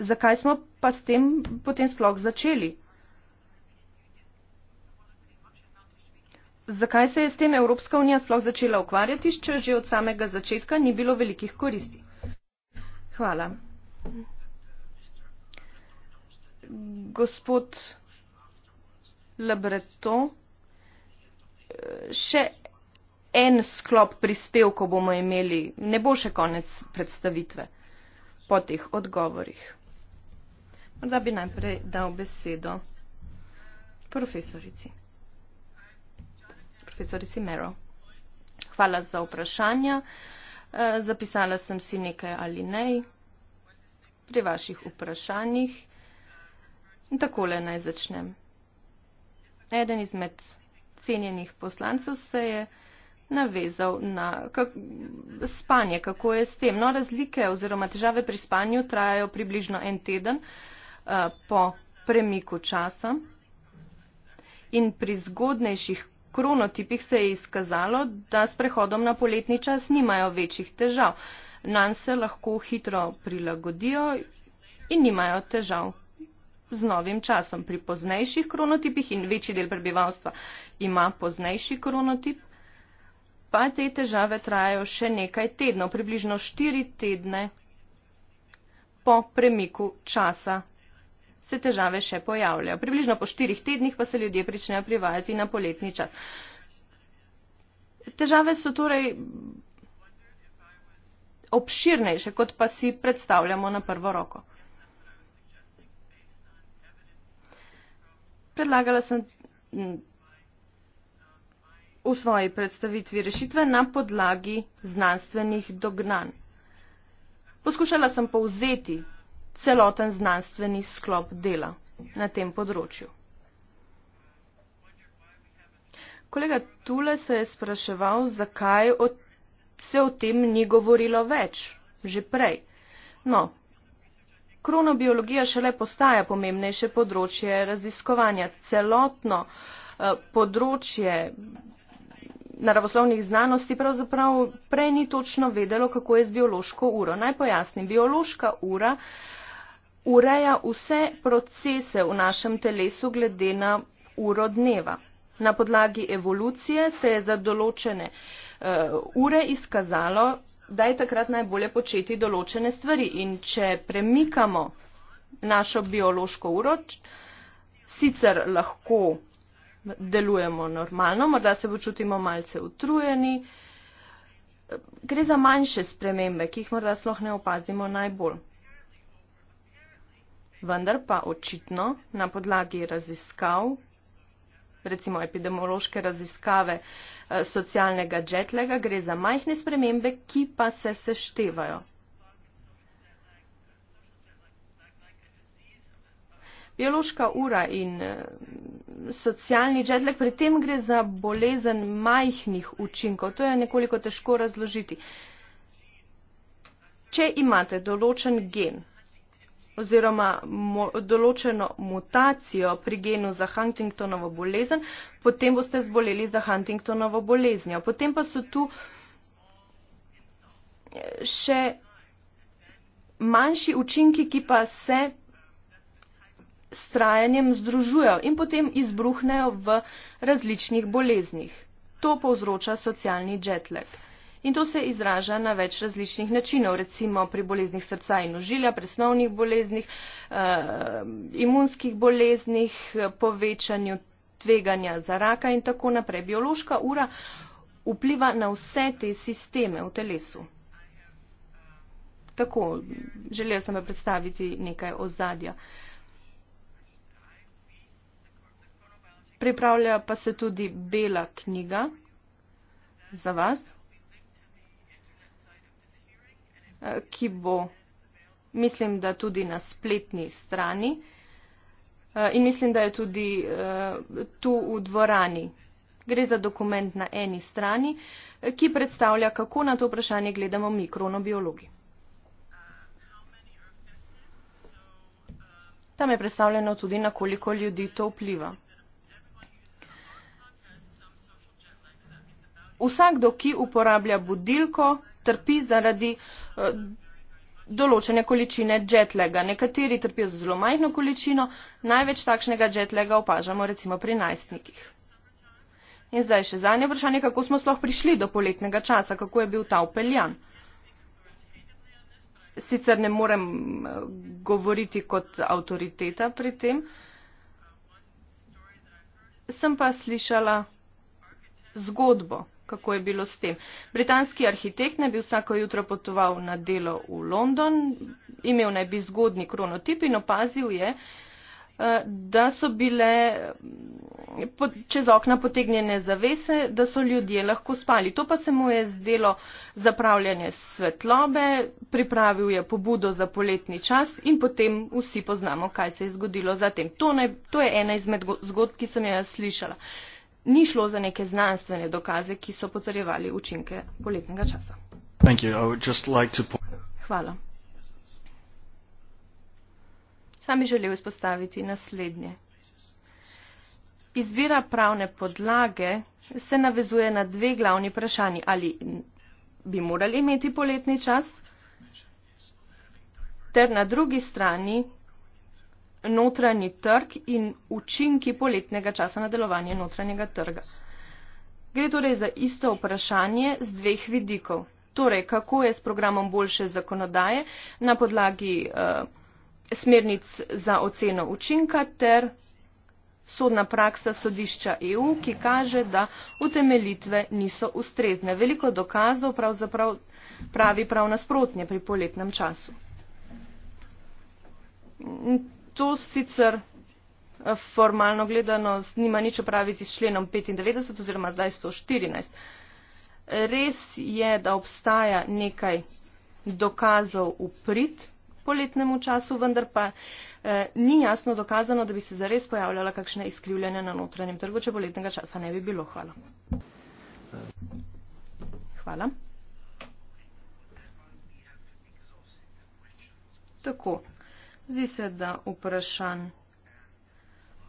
zakaj smo pa s tem potem sploh začeli? Zakaj se je s tem Evropska unija sploh začela ukvarjati, če že od samega začetka ni bilo velikih koristi? Hvala. Gospod Labreto, še en sklop prispevkov bomo imeli, ne bo še konec predstavitve po teh odgovorih. Morda bi najprej dal besedo profesorici. Profesorici Mero. Hvala za vprašanja. E, zapisala sem si nekaj ali nej pri vaših vprašanjih. In takole naj začnem. Eden izmed cenjenih poslancev se je navezal na kak spanje, kako je s tem. No, razlike oziroma težave pri spanju trajajo približno en teden. Uh, Eh, po premiku časa. In pri zgodnejših kronotipih se je izkazalo, da s prehodom na poletni čas nimajo večjih težav. Nan se lahko hitro prilagodijo in nimajo težav z novim časom. Pri poznejših kronotipih in večji del prebivalstva ima poznejši kronotip, pa te težave trajajo še nekaj tednov, približno štiri tedne po premiku časa se težave še pojavljajo. Približno po štirih tednih pa se ljudje pričnejo privajati na poletni čas. Težave so torej obširnejše, kot pa si predstavljamo na prvo roko. Predlagala sem mm, v svoji predstavitvi rešitve na podlagi znanstvenih dognanj. Poskušala sem povzeti celoten znanstveni sklop dela na tem področju. Kolega Tule se je spraševal, zakaj se o tem ni govorilo več, že prej. No, kronobiologija šele postaja pomembnejše področje raziskovanja. Celotno uh, področje naravoslovnih znanosti pravzaprav prej ni točno vedelo, kako je z biološko uro. Naj pojasnim, biološka ura uh, ureja vse procese v našem telesu glede na uro dneva. Na podlagi evolucije se je za določene uh, ure izkazalo, da je takrat najbolje početi določene stvari. In če premikamo našo biološko uro, sicer lahko delujemo normalno, morda se počutimo malce utrujeni. Eh, gre za manjše spremembe, ki jih morda sploh ne opazimo najbolj vendar pa očitno na podlagi raziskav, recimo epidemiološke raziskave eh, socialnega džetlega, gre za majhne spremembe, ki pa se seštevajo. Biološka ura in eh, socialni džetlek, pri tem gre za bolezen majhnih učinkov, to je nekoliko težko razložiti. Če imate določen gen, oziroma mo, določeno mutacijo pri genu za Huntingtonovo bolezen, potem boste zboleli za Huntingtonovo boleznjo. Potem pa so tu eh, še manjši učinki, ki pa se s trajanjem združujejo in potem izbruhnejo v različnih boleznih. To povzroča socialni jetlag in to se izraža na več različnih načinov recimo pri boleznih srca in ožilja pri snovnih boleznih eh, imunskih boleznih povečanju tveganja za raka in tako naprej biološka ura vpliva na vse te sisteme v telesu tako želel sem predstaviti nekaj ozadja pripravlja pa se tudi bela knjiga za vas ki bo, mislim, da tudi na spletni strani eh, in mislim, da je tudi eh, tu v dvorani. Gre za dokument na eni strani, eh, ki predstavlja, kako na to vprašanje gledamo mi, kronobiologi. Tam je predstavljeno tudi, na koliko ljudi to vpliva. Vsakdo, ki uporablja budilko, trpi zaradi eh, določene količine jetlega. Nekateri trpijo z zelo majhno količino, največ takšnega jetlega opažamo recimo pri najstnikih. In zdaj še zadnje vprašanje, kako smo sploh prišli do poletnega časa, kako je bil ta upeljan. Sicer ne morem eh, govoriti kot avtoriteta pri tem, sem pa slišala zgodbo kako je bilo s tem. Britanski arhitekt naj bi vsako jutro potoval na delo v London, imel naj bi zgodni kronotip in opazil je, eh, da so bile mm, čez okna potegnjene zavese, da so ljudje lahko spali. To pa se mu je zdelo zapravljanje svetlobe, pripravil je pobudo za poletni čas in potem vsi poznamo, kaj se je zgodilo zatem. To, ne, to je ena izmed zgodb, ki sem jo slišala. Uh, ni šlo za neke znanstvene dokaze, ki so potrjevali učinke poletnega časa. Like Hvala. Sam bi želel izpostaviti naslednje. Izbira pravne podlage se navezuje na dve glavni vprašanji. Ali bi morali imeti poletni čas? Ter na drugi strani, notranji trg in učinki poletnega časa na delovanje notranjega trga. Gre torej za isto vprašanje z dveh vidikov. Torej, kako je s programom boljše zakonodaje na podlagi uh, smernic za oceno učinka ter sodna praksa sodišča EU, ki kaže, da utemelitve niso ustrezne. Veliko dokazov pravzaprav pravi prav nasprotnje pri poletnem času to sicer eh, formalno gledano nima nič opraviti s členom 95 oziroma zdaj 114. Res je, da obstaja nekaj dokazov v prid poletnemu času, vendar pa eh, ni jasno dokazano, da bi se zares pojavljala kakšna izkrivljanja na notranjem trgu, če poletnega časa ne bi bilo. Hvala. Hvala. Tako. Zdi se, da vprašanj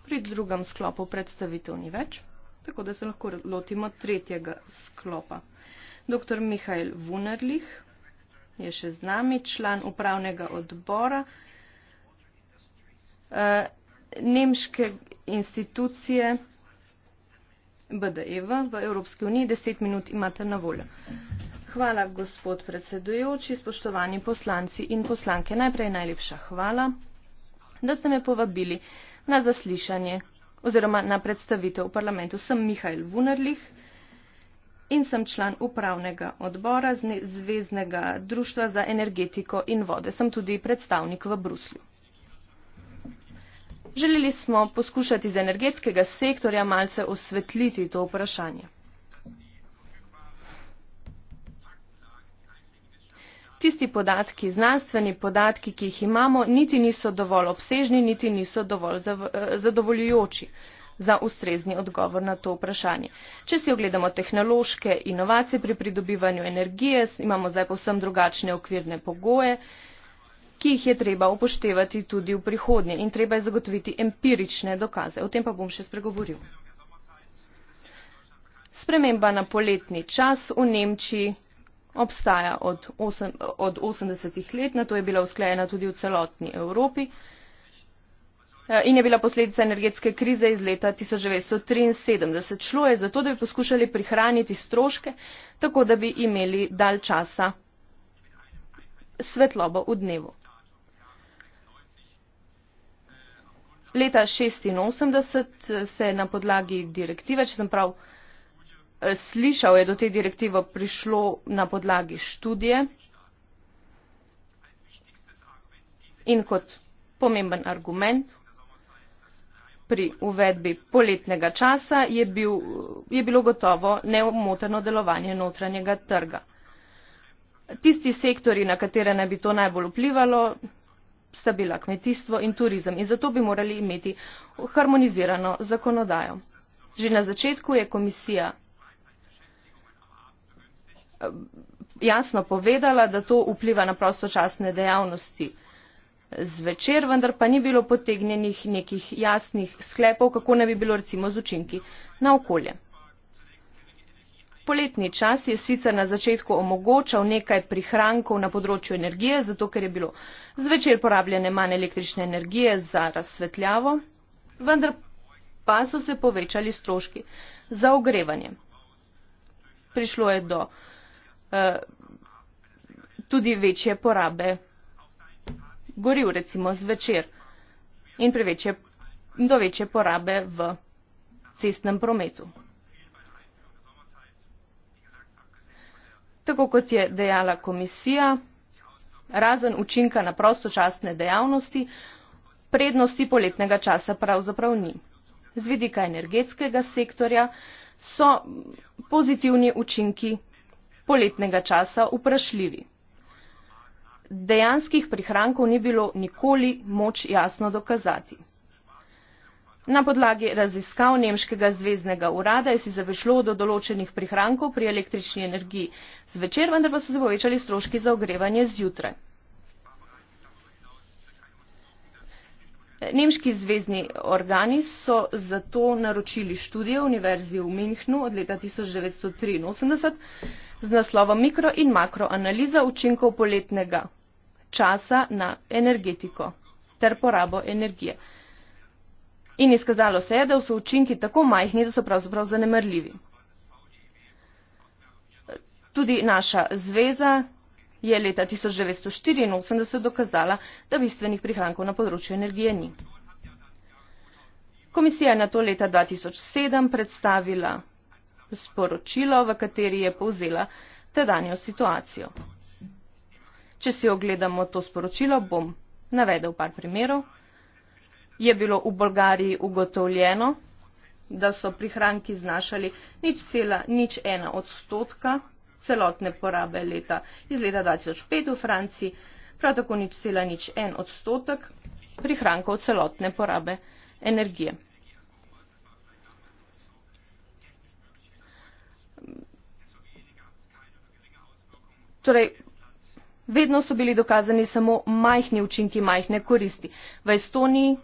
pri drugem sklopu predstavitev ni več, tako da se lahko lotimo tretjega sklopa. Dr. Mihajl Wunerlich je še z nami, član upravnega odbora eh, Nemške institucije BDEV v Evropski uniji. Deset minut imate na voljo. Hvala, gospod predsedujoči, spoštovani poslanci in poslanke. Najprej najlepša hvala, da ste me povabili na zaslišanje oziroma na predstavitev v parlamentu. Sem Mihajl Vunerlih in sem član upravnega odbora Zvezdnega društva za energetiko in vode. Sem tudi predstavnik v Bruslju. Želeli smo poskušati z energetskega sektorja malce osvetliti to vprašanje. tisti podatki, znanstveni podatki, ki jih imamo, niti niso dovolj obsežni, niti niso dovolj eh, zadovoljujoči za ustrezni odgovor na to vprašanje. Če si ogledamo tehnološke inovacije pri pridobivanju energije, imamo zdaj povsem drugačne okvirne pogoje, ki jih je treba upoštevati tudi v prihodnje in treba je zagotoviti empirične dokaze. O tem pa bom še spregovoril. Sprememba na poletni čas v Nemčiji obstaja od, osem, od 80 let, na to je bila usklajena tudi v celotni Evropi eh, in je bila posledica energetske krize iz leta 1973. Šlo je zato, da bi poskušali prihraniti stroške, tako da bi imeli dalj časa svetlobo v dnevu. Leta 1986 eh, se je na podlagi direktive, če sem prav slišal je do te direktive prišlo na podlagi študije in kot pomemben argument pri uvedbi poletnega časa je, bil, je bilo gotovo neomoteno delovanje notranjega trga. Tisti sektori, na katere naj bi to najbolj vplivalo, sta bila kmetijstvo in turizem in zato bi morali imeti harmonizirano zakonodajo. Že na začetku je komisija jasno povedala da to vpliva na prostočasne dejavnosti zvečer vendar pa ni bilo potegnjenih nekih jasnih sklepov kako naj bi bilo recimo z učinki na okolje. Poletni čas je sicer na začetku omogočal nekaj prihrankov na področju energije, zato ker je bilo zvečer porabljene manj električne energije za razsvetljavo, vendar pa so se povečali stroški za ogrevanje. Prišlo je do uh, Eh, tudi večje porabe goriv recimo zvečer in večje, do večje porabe v cestnem prometu. Tako kot je dejala komisija, razen učinka na prostočasne dejavnosti, prednosti poletnega časa pravzaprav ni. Z vidika energetskega sektorja so pozitivni učinki poletnega časa vprašljivi. Dejanskih prihrankov ni bilo nikoli moč jasno dokazati. Na podlagi raziskav Nemškega zvezdnega urada je si zavešlo do določenih prihrankov pri električni energiji zvečer, vendar pa so se povečali stroški za ogrevanje zjutraj. Nemški zvezdni organi so zato naročili študijo Univerzi v Minhnu od leta 1983 z naslovom Mikro in makroanaliza učinkov poletnega časa na energetiko ter porabo energije. In izkazalo se je, da so učinki tako majhni, da so pravzaprav zanemrljivi. Tudi naša zveza je leta 1984 dokazala, da bistvenih prihrankov na področju energije ni. Komisija je na to leta 2007 predstavila sporočilo, v kateri je povzela tedanjo situacijo. Če si ogledamo to sporočilo, bom navedel par primerov. Je bilo v Bolgariji ugotovljeno, da so prihranki znašali nič cela, nič ena odstotka celotne porabe leta iz leta 2005 v Franciji, prav tako nič cela, nič en odstotek prihrankov celotne porabe energije. Torej, vedno so bili dokazani samo majhni učinki, majhne koristi. V Estoniji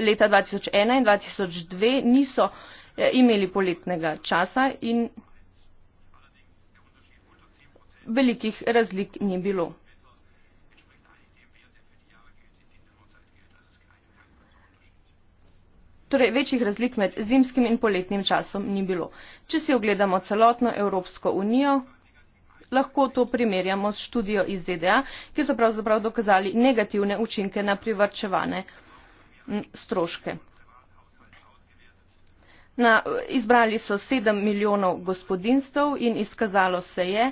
leta 2001 in 2002 niso eh, imeli poletnega časa in velikih razlik ni bilo. Torej, večjih razlik med zimskim in poletnim časom ni bilo. Če si ogledamo celotno Evropsko unijo, lahko to primerjamo s študijo iz ZDA, ki so pravzaprav dokazali negativne učinke na privrčevane stroške. Na, izbrali so 7 milijonov gospodinstv in izkazalo se je,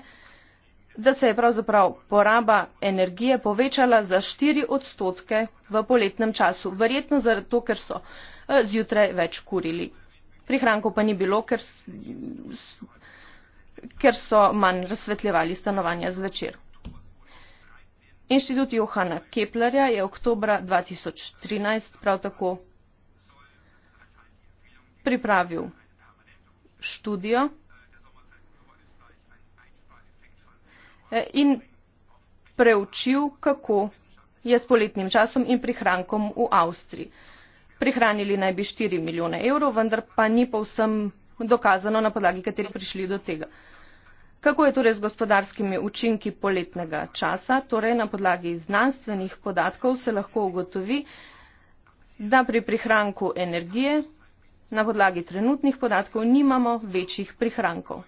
da se je pravzaprav poraba energije povečala za 4 odstotke v poletnem času. Verjetno zato, ker so eh, zjutraj več kurili. Prihrankov pa ni bilo, ker ker so manj razsvetljevali stanovanja zvečer. Inštitut Johana Keplerja je oktobra 2013 prav tako pripravil študijo eh, in preučil, kako je s poletnim časom in prihrankom v Avstriji. Prihranili naj bi 4 milijone evrov, vendar pa ni povsem dokazano na podlagi katerih prišli do tega. Kako je torej z gospodarskimi učinki poletnega časa? Torej na podlagi znanstvenih podatkov se lahko ugotovi, da pri prihranku energije na podlagi trenutnih podatkov nimamo večjih prihrankov.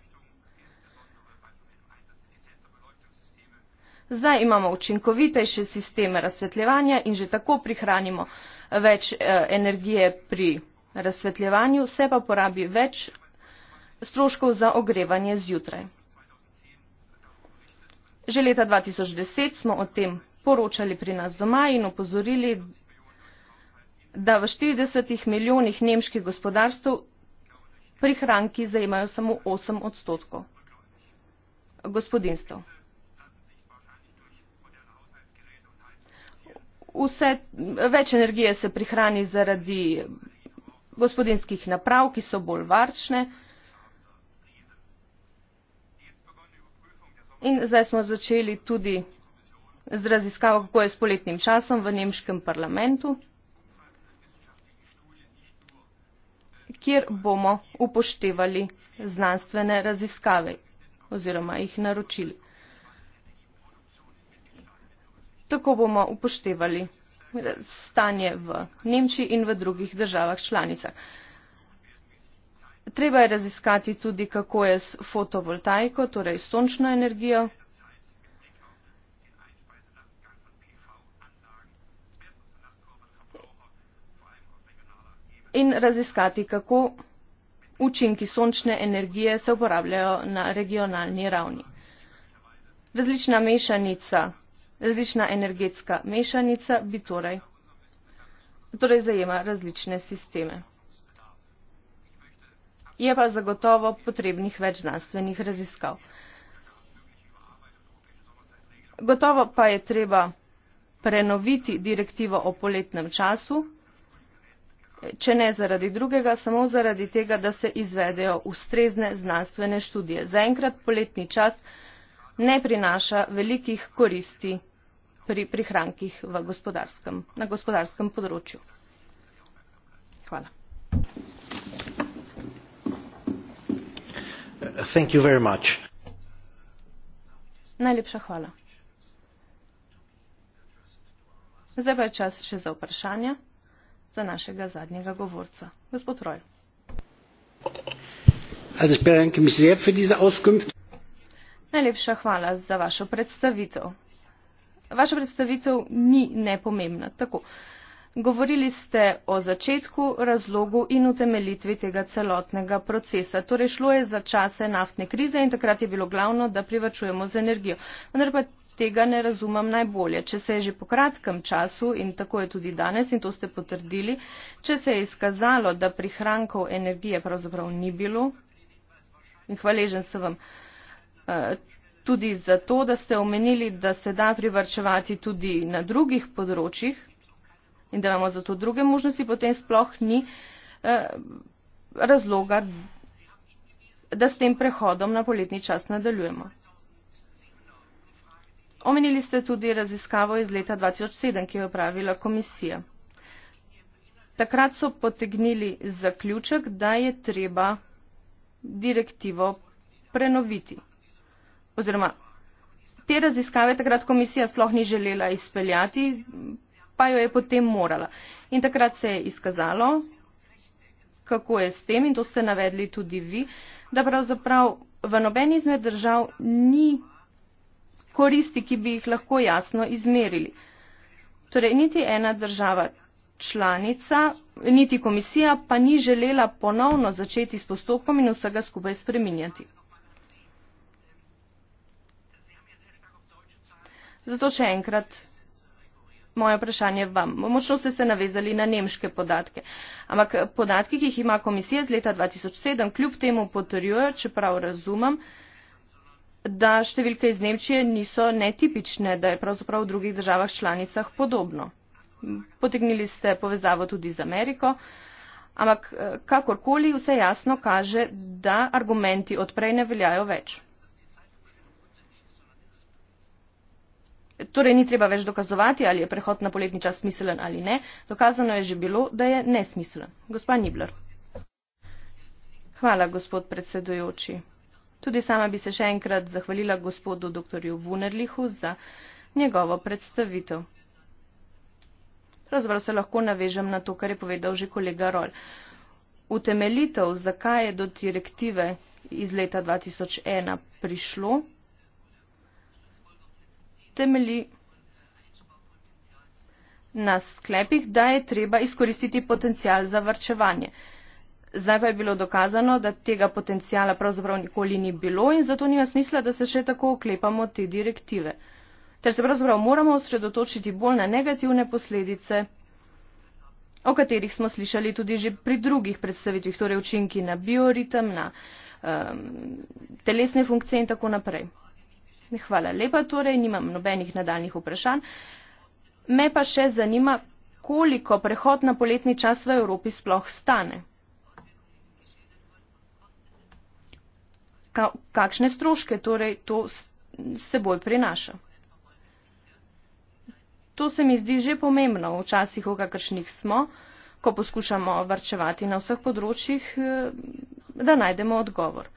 Zdaj imamo učinkovitejše sisteme razsvetljevanja in že tako prihranimo več eh, energije pri prihranku razsvetljevanju se pa porabi več stroškov za ogrevanje zjutraj. Že leta 2010 smo o tem poročali pri nas doma in opozorili, da v 40 milijonih nemških gospodarstv prihranki zajemajo samo 8 odstotkov gospodinstv. Vse, več energije se prihrani zaradi gospodinjskih naprav, ki so bolj varčne. In zdaj smo začeli tudi z raziskavo, kako je s poletnim časom v nemškem parlamentu, kjer bomo upoštevali znanstvene raziskave oziroma jih naročili. Tako bomo upoštevali stanje v Nemčiji in v drugih državah članicah. Treba je raziskati tudi, kako je s fotovoltaiko, torej s sončno energijo. In raziskati, kako učinki sončne energije se uporabljajo na regionalni ravni. Različna mešanica Različna energetska mešanica bi torej, torej zajema različne sisteme. Je pa zagotovo potrebnih več znanstvenih raziskav. Gotovo pa je treba prenoviti direktivo o poletnem času, če ne zaradi drugega, samo zaradi tega, da se izvedejo ustrezne znanstvene študije. Zaenkrat poletni čas ne prinaša velikih koristi pri prihrankih v gospodarskem, na gospodarskem področju. Hvala. Thank you very much. Najlepša hvala. Zdaj pa je čas še za vprašanja za našega zadnjega govorca. Gospod Roj. Also ich bedanke mich sehr für diese Auskunft. Najlepša hvala za vašo predstavitev. Vaša predstavitev ni nepomembna. Tako. Govorili ste o začetku, razlogu in utemelitvi tega celotnega procesa. Torej šlo je za čase naftne krize in takrat je bilo glavno, da privačujemo z energijo. Vendar pa tega ne razumem najbolje. Če se je že po kratkem času in tako je tudi danes in to ste potrdili, če se je izkazalo, da prihrankov energije pravzaprav ni bilo, in hvaležen sem vam, Eh, tudi zato, da ste omenili, da se da privrčevati tudi na drugih področjih in da imamo zato druge možnosti, potem sploh ni eh, razloga, da s tem prehodom na poletni čas nadaljujemo. Omenili ste tudi raziskavo iz leta 2007, ki jo je pravila komisija. Takrat so potegnili zaključek, da je treba direktivo prenoviti oziroma te raziskave takrat komisija sploh ni želela izpeljati, pa jo je potem morala. In takrat se je izkazalo, kako je s tem, in to ste navedli tudi vi, da pravzaprav v nobeni izmed držav ni koristi, ki bi jih lahko jasno izmerili. Torej, niti ena država članica, niti komisija pa ni želela ponovno začeti s postopkom in vsega skupaj spreminjati. Zato še enkrat moje vprašanje vam. Močno ste se navezali na nemške podatke. Ampak podatki, ki jih ima komisija z leta 2007, kljub temu potrjujejo, čeprav razumem, da številke iz Nemčije niso netipične, da je pravzaprav v drugih državah članicah podobno. Potegnili ste povezavo tudi z Ameriko, ampak eh, kakorkoli vse jasno kaže, da argumenti odprej ne veljajo več. Torej ni treba več dokazovati, ali je prehod na poletni čas smiselen ali ne. Dokazano je že bilo, da je nesmiselen. Gospa Nibler. Hvala, gospod predsedujoči. Tudi sama bi se še enkrat zahvalila gospodu dr. Wunerlihu za njegovo predstavitev. Pravzaprav se lahko navežem na to, kar je povedal že kolega Rol. Utemelitev, zakaj je do direktive iz leta 2001 prišlo, temelji na sklepih, da je treba izkoristiti potencial za vrčevanje. Zdaj pa je bilo dokazano, da tega potencijala pravzaprav nikoli ni bilo in zato nima smisla, da se še tako oklepamo te direktive. Ter se pravzaprav moramo osredotočiti bolj na negativne posledice, o katerih smo slišali tudi že pri drugih predstavitvih, torej učinki na bioritem, na um, telesne funkcije in tako naprej. Hvala lepa, torej nimam nobenih nadaljnih vprašanj. Me pa še zanima, koliko prehod na poletni čas v Evropi sploh stane. Ka kakšne stroške torej to seboj prinaša? To se mi zdi že pomembno v časih, v kakršnih smo, ko poskušamo varčevati na vseh področjih, eh, da najdemo odgovor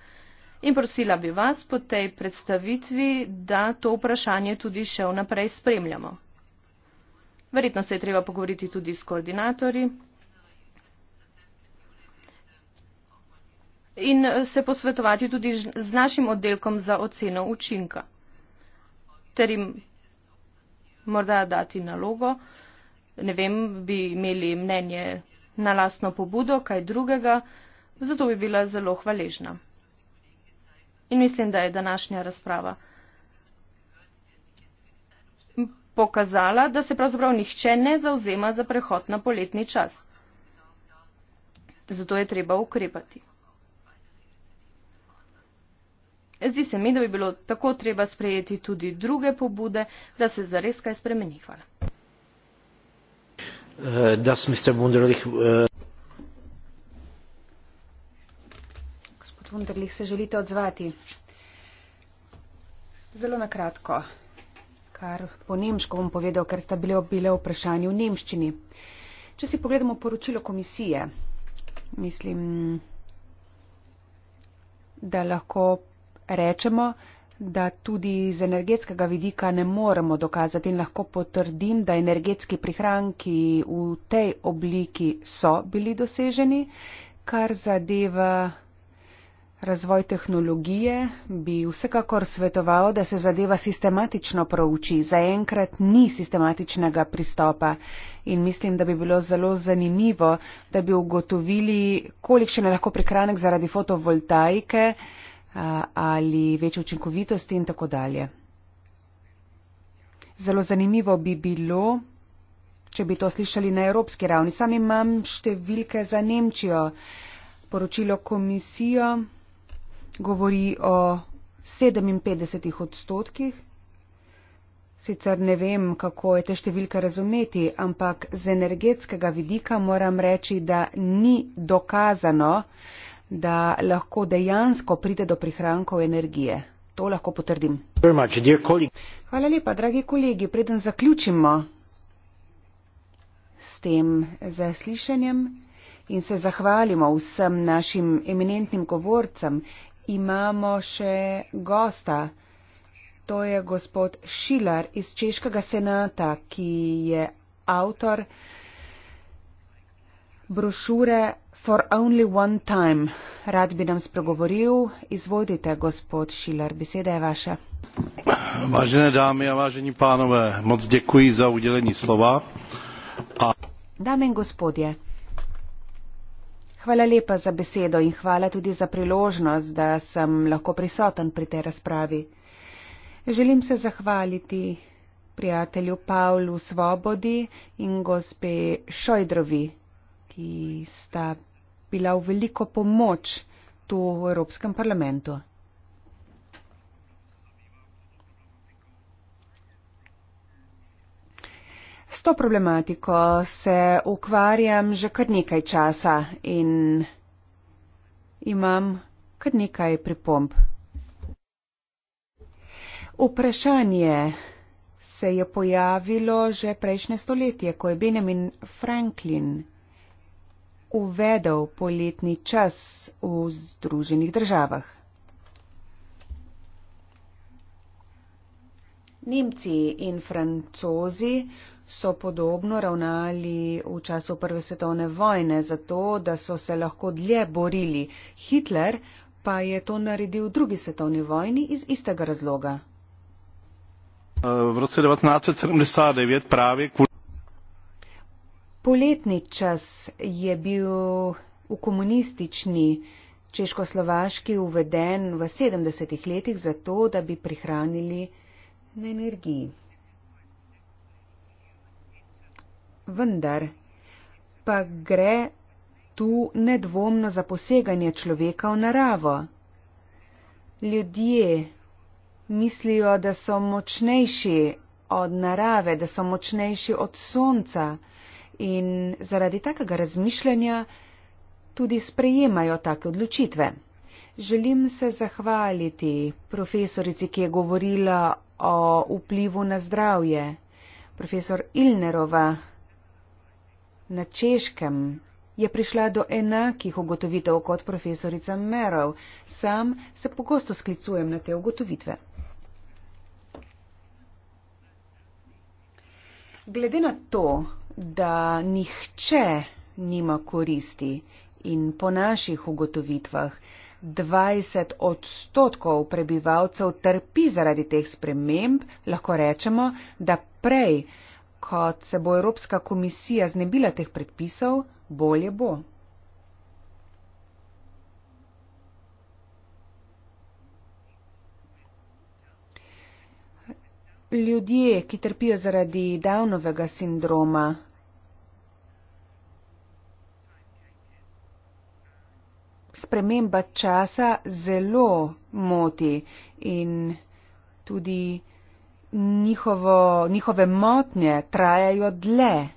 in prosila bi vas po tej predstavitvi, da to vprašanje tudi še vnaprej spremljamo. Verjetno se je treba pogovoriti tudi s koordinatorji in eh, se posvetovati tudi z našim oddelkom za oceno učinka ter jim morda dati nalogo, ne vem, bi imeli mnenje na lastno pobudo, kaj drugega, zato bi bila zelo hvaležna. In mislim, da je današnja razprava pokazala, da se pravzaprav nihče ne zauzema za prehod na poletni čas. Zato je treba ukrepati. Zdi se mi, da bi bilo tako treba sprejeti tudi druge pobude, da se zares kaj spremeni. Hvala. Uh, das, Wunderlich se želite odzvati. Zelo na kratko, kar po nemško bom povedal, ker sta bile obile vprašanje v nemščini. Če si pogledamo poročilo komisije, mislim, da lahko rečemo, da tudi z energetskega vidika ne moremo dokazati in lahko potrdim, da energetski prihranki v tej obliki so bili doseženi, kar zadeva Razvoj tehnologije bi vsekakor svetoval, da se zadeva sistematično prouči. Zaenkrat ni sistematičnega pristopa in mislim, da bi bilo zelo zanimivo, da bi ugotovili, kolikšen je lahko prikranek zaradi fotovoltaike ali več učinkovitosti in tako dalje. Zelo zanimivo bi bilo, če bi to slišali na evropski ravni. Sam imam številke za Nemčijo. Poročilo komisijo govori o 57 odstotkih. Sicer ne vem, kako je te številke razumeti, ampak z energetskega vidika moram reči, da ni dokazano, da lahko dejansko pride do prihrankov energije. To lahko potrdim. Hvala lepa, dragi kolegi. Preden zaključimo s tem zaslišanjem in se zahvalimo vsem našim eminentnim govorcem imamo še gosta. To je gospod Šilar iz Češkega senata, ki je avtor brošure For Only One Time. Rad bi nam spregovoril. Izvodite, gospod Šilar, beseda je vaša. Vážené dámy a vážení pánové, moc děkuji za udělení slova. A... Dámy in gospodje, Hvala lepa za besedo in hvala tudi za priložnost, da sem lahko prisoten pri tej razpravi. Želim se zahvaliti prijatelju Pavlu Svobodi in gospe Šojdrovi, ki sta bila v veliko pomoč tu v Evropskem parlamentu. S to problematiko se ukvarjam že kar nekaj časa in imam kar nekaj pripomb. Vprašanje se je pojavilo že prejšnje stoletje, ko je Benjamin Franklin uvedel poletni čas v Združenih državah. Nemci in francozi so podobno ravnali v času Prve svetovne vojne, zato da so se lahko dlje borili. Hitler pa je to naredil v drugi svetovni vojni iz istega razloga. V roce 1979 pravi. Kul... Poletni čas je bil v komunistični Češko-Slovaški uveden v 70-ih letih zato, da bi prihranili na energiji. vendar pa gre tu nedvomno za poseganje človeka v naravo. Ljudje mislijo, da so močnejši od narave, da so močnejši od sonca in zaradi takega razmišljanja tudi sprejemajo take odločitve. Želim se zahvaliti profesorici, ki je govorila o vplivu na zdravje, profesor Ilnerova, na češkem je prišla do enakih ugotovitev kot profesorica Merov. Sam se pogosto sklicujem na te ugotovitve. Glede na to, da nihče nima koristi in po naših ugotovitvah 20 odstotkov prebivalcev trpi zaradi teh sprememb, lahko rečemo, da prej kot se bo Evropska komisija znebila teh predpisov, bolje bo. Ljudje, ki trpijo zaradi davnovega sindroma, sprememba časa zelo moti in tudi njihovo, njihove motnje trajajo dlje.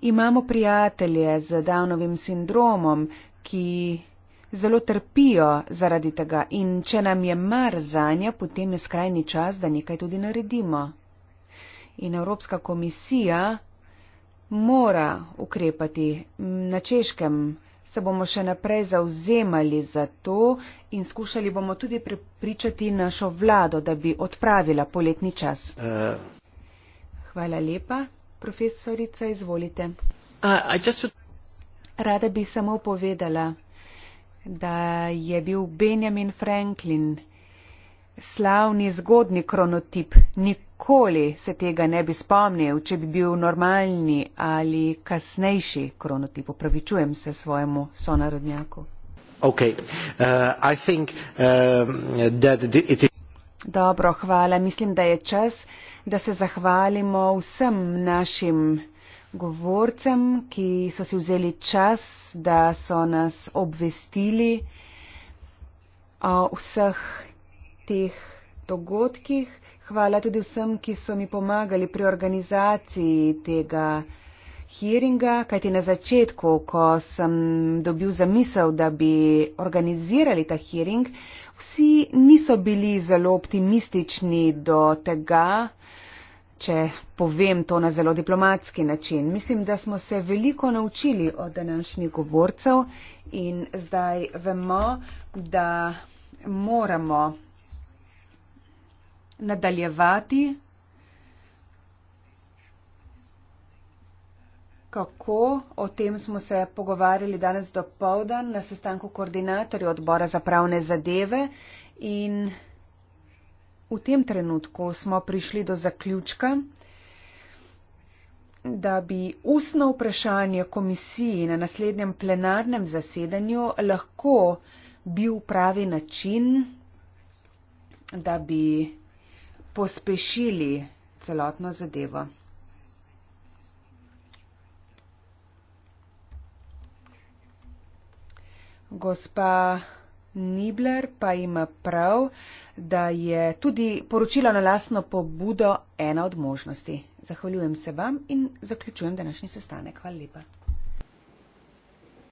Imamo prijatelje z Davnovim sindromom, ki zelo trpijo zaradi tega in če nam je mar zanje, potem je skrajni čas, da nekaj tudi naredimo. In Evropska komisija mora ukrepati na češkem se bomo še naprej zauzemali za to in skušali bomo tudi prepričati našo vlado, da bi odpravila poletni čas. Uh, Hvala lepa, profesorica, izvolite. Uh, would... Rada bi samo povedala, da je bil Benjamin Franklin slavni zgodni kronotip, nikoli nikoli se tega ne bi spomnil, če bi bil normalni ali kasnejši kronotip. Pravičujem se svojemu sonarodnjaku. Okay. Uh, think, uh, Dobro, hvala. Mislim, da je čas, da se zahvalimo vsem našim govorcem, ki so si vzeli čas, da so nas obvestili o vseh teh dogodkih. Hvala tudi vsem, ki so mi pomagali pri organizaciji tega hearinga, kajti na začetku, ko sem dobil zamisel, da bi organizirali ta hearing, vsi niso bili zelo optimistični do tega, če povem to na zelo diplomatski način. Mislim, da smo se veliko naučili od današnjih govorcev in zdaj vemo, da moramo nadaljevati, kako o tem smo se pogovarjali danes do povdan na sestanku koordinatorja odbora za pravne zadeve in v tem trenutku smo prišli do zaključka, da bi ustno vprašanje komisiji na naslednjem plenarnem zasedanju lahko bil pravi način, da bi pospešili celotno zadevo. Gospa Nibler pa ima prav, da je tudi poročilo na lasno pobudo ena od možnosti. Zahvaljujem se vam in zaključujem današnji sestanek. Hvala lepa.